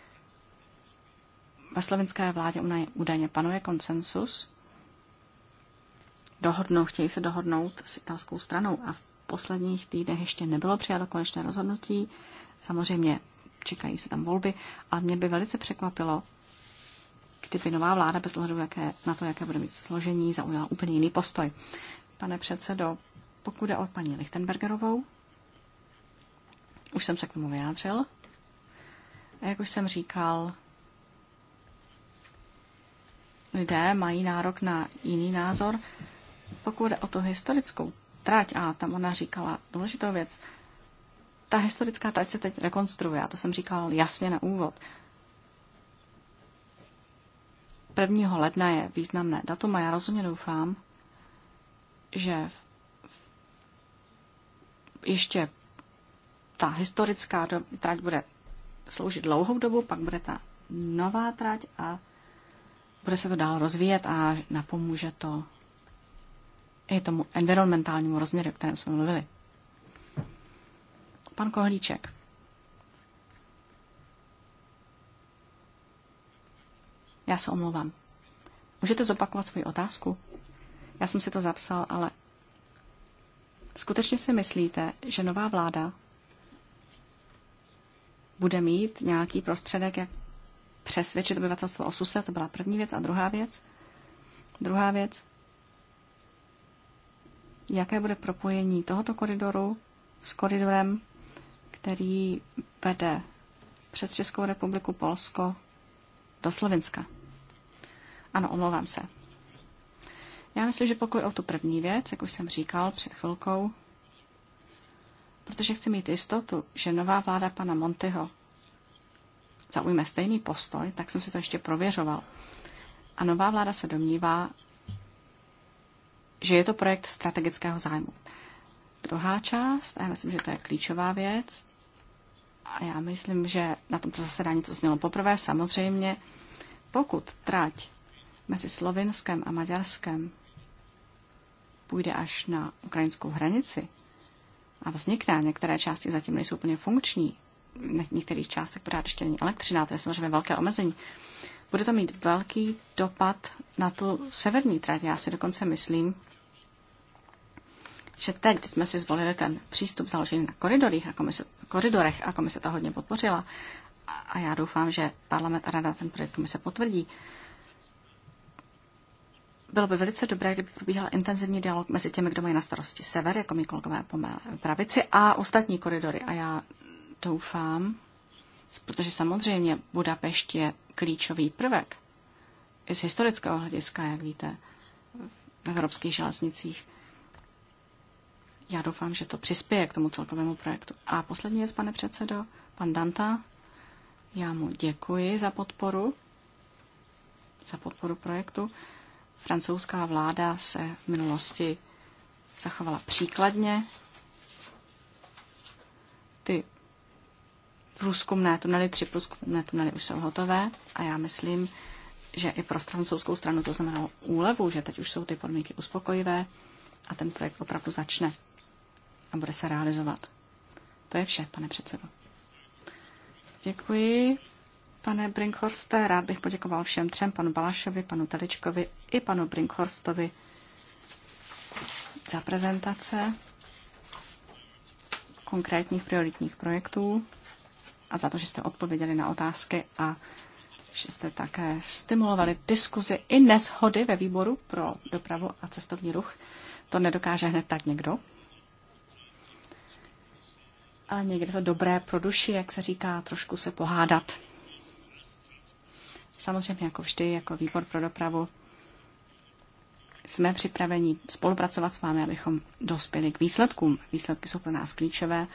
ve slovenské vládě údajně panuje konsensus. Dohodnou, chtějí se dohodnout s italskou stranou a v posledních týdnech ještě nebylo přijato konečné rozhodnutí. Samozřejmě čekají se tam volby, ale mě by velice překvapilo, kdyby nová vláda bez ohledu jaké, na to, jaké bude mít složení, zaujala úplně jiný postoj. Pane předsedo, pokud je o paní Lichtenbergerovou, už jsem se k tomu vyjádřil. A jak už jsem říkal, lidé mají nárok na jiný názor. Pokud jde o tu historickou trať, a tam ona říkala důležitou věc, ta historická trať se teď rekonstruuje, a to jsem říkal jasně na úvod. 1. ledna je významné datum a já rozhodně doufám, že ještě ta historická do, trať bude sloužit dlouhou dobu, pak bude ta nová trať a bude se to dál rozvíjet a napomůže to i tomu environmentálnímu rozměru, o kterém jsme mluvili. Pan Kohlíček. Já se omlouvám. Můžete zopakovat svoji otázku? Já jsem si to zapsal, ale skutečně si myslíte, že nová vláda bude mít nějaký prostředek, jak přesvědčit obyvatelstvo o SUSE? To byla první věc. A druhá věc? Druhá věc. Jaké bude propojení tohoto koridoru s koridorem, který vede přes Českou republiku Polsko do Slovenska? Ano, omlouvám se. Já myslím, že pokud o tu první věc, jak už jsem říkal před chvilkou, protože chci mít jistotu, že nová vláda pana Montyho zaujme stejný postoj, tak jsem si to ještě prověřoval. A nová vláda se domnívá, že je to projekt strategického zájmu. Druhá část, a já myslím, že to je klíčová věc, a já myslím, že na tomto zasedání to znělo poprvé, samozřejmě, pokud trať mezi Slovinskem a Maďarskem půjde až na ukrajinskou hranici a vznikne, některé části zatím nejsou úplně funkční, na některých částech pořád ještě není elektřina, to je samozřejmě velké omezení, bude to mít velký dopad na tu severní trať. Já si dokonce myslím, že teď jsme si zvolili ten přístup založený na koridorech a komise, koridorech a komise to hodně podpořila. A já doufám, že parlament a rada ten projekt komise potvrdí bylo by velice dobré, kdyby probíhal intenzivní dialog mezi těmi, kdo mají na starosti sever, jako mý kolegové po mé pravici, a ostatní koridory. A já doufám, protože samozřejmě Budapešť je klíčový prvek i z historického hlediska, jak víte, v evropských železnicích. Já doufám, že to přispěje k tomu celkovému projektu. A poslední věc, pane předsedo, pan Danta, já mu děkuji za podporu, za podporu projektu. Francouzská vláda se v minulosti zachovala příkladně. Ty průzkumné tunely, tři průzkumné tunely už jsou hotové a já myslím, že i pro francouzskou stranu to znamenalo úlevu, že teď už jsou ty podmínky uspokojivé a ten projekt opravdu začne a bude se realizovat. To je vše, pane předsedo. Děkuji. Pane Brinkhorste, rád bych poděkoval všem třem, panu Balašovi, panu Teličkovi i panu Brinkhorstovi za prezentace konkrétních prioritních projektů a za to, že jste odpověděli na otázky a že jste také stimulovali diskuzi i neshody ve výboru pro dopravu a cestovní ruch. To nedokáže hned tak někdo. Ale někde to dobré pro duši, jak se říká, trošku se pohádat. Samozřejmě, jako vždy, jako výbor pro dopravu, jsme připraveni spolupracovat s vámi, abychom dospěli k výsledkům. Výsledky jsou pro nás klíčové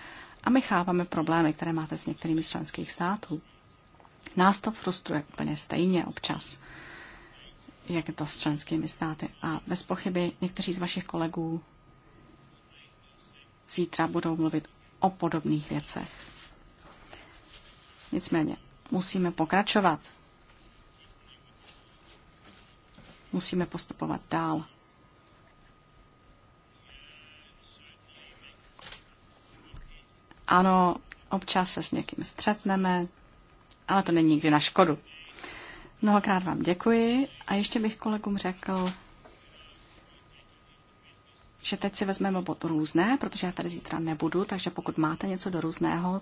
a my chápeme problémy, které máte s některými z členských států. Nás to frustruje úplně stejně občas, jak je to s členskými státy. A bez pochyby někteří z vašich kolegů zítra budou mluvit o podobných věcech. Nicméně musíme pokračovat musíme postupovat dál. Ano, občas se s někým střetneme, ale to není nikdy na škodu. Mnohokrát vám děkuji a ještě bych kolegům řekl, že teď si vezmeme bod různé, protože já tady zítra nebudu, takže pokud máte něco do různého,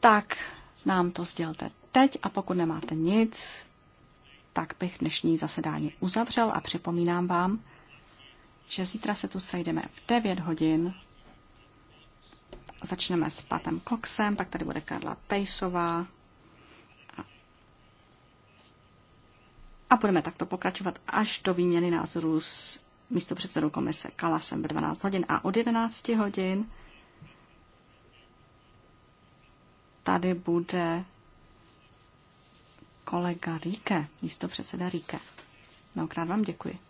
tak nám to sdělte teď a pokud nemáte nic, tak bych dnešní zasedání uzavřel a připomínám vám, že zítra se tu sejdeme v 9 hodin. Začneme s Patem Coxem, pak tady bude Karla Pejsová. A, budeme takto pokračovat až do výměny názorů s místopředsedou komise Kalasem ve 12 hodin a od 11 hodin tady bude kolega Ríke, místo předseda Ríke. Mnohokrát vám děkuji.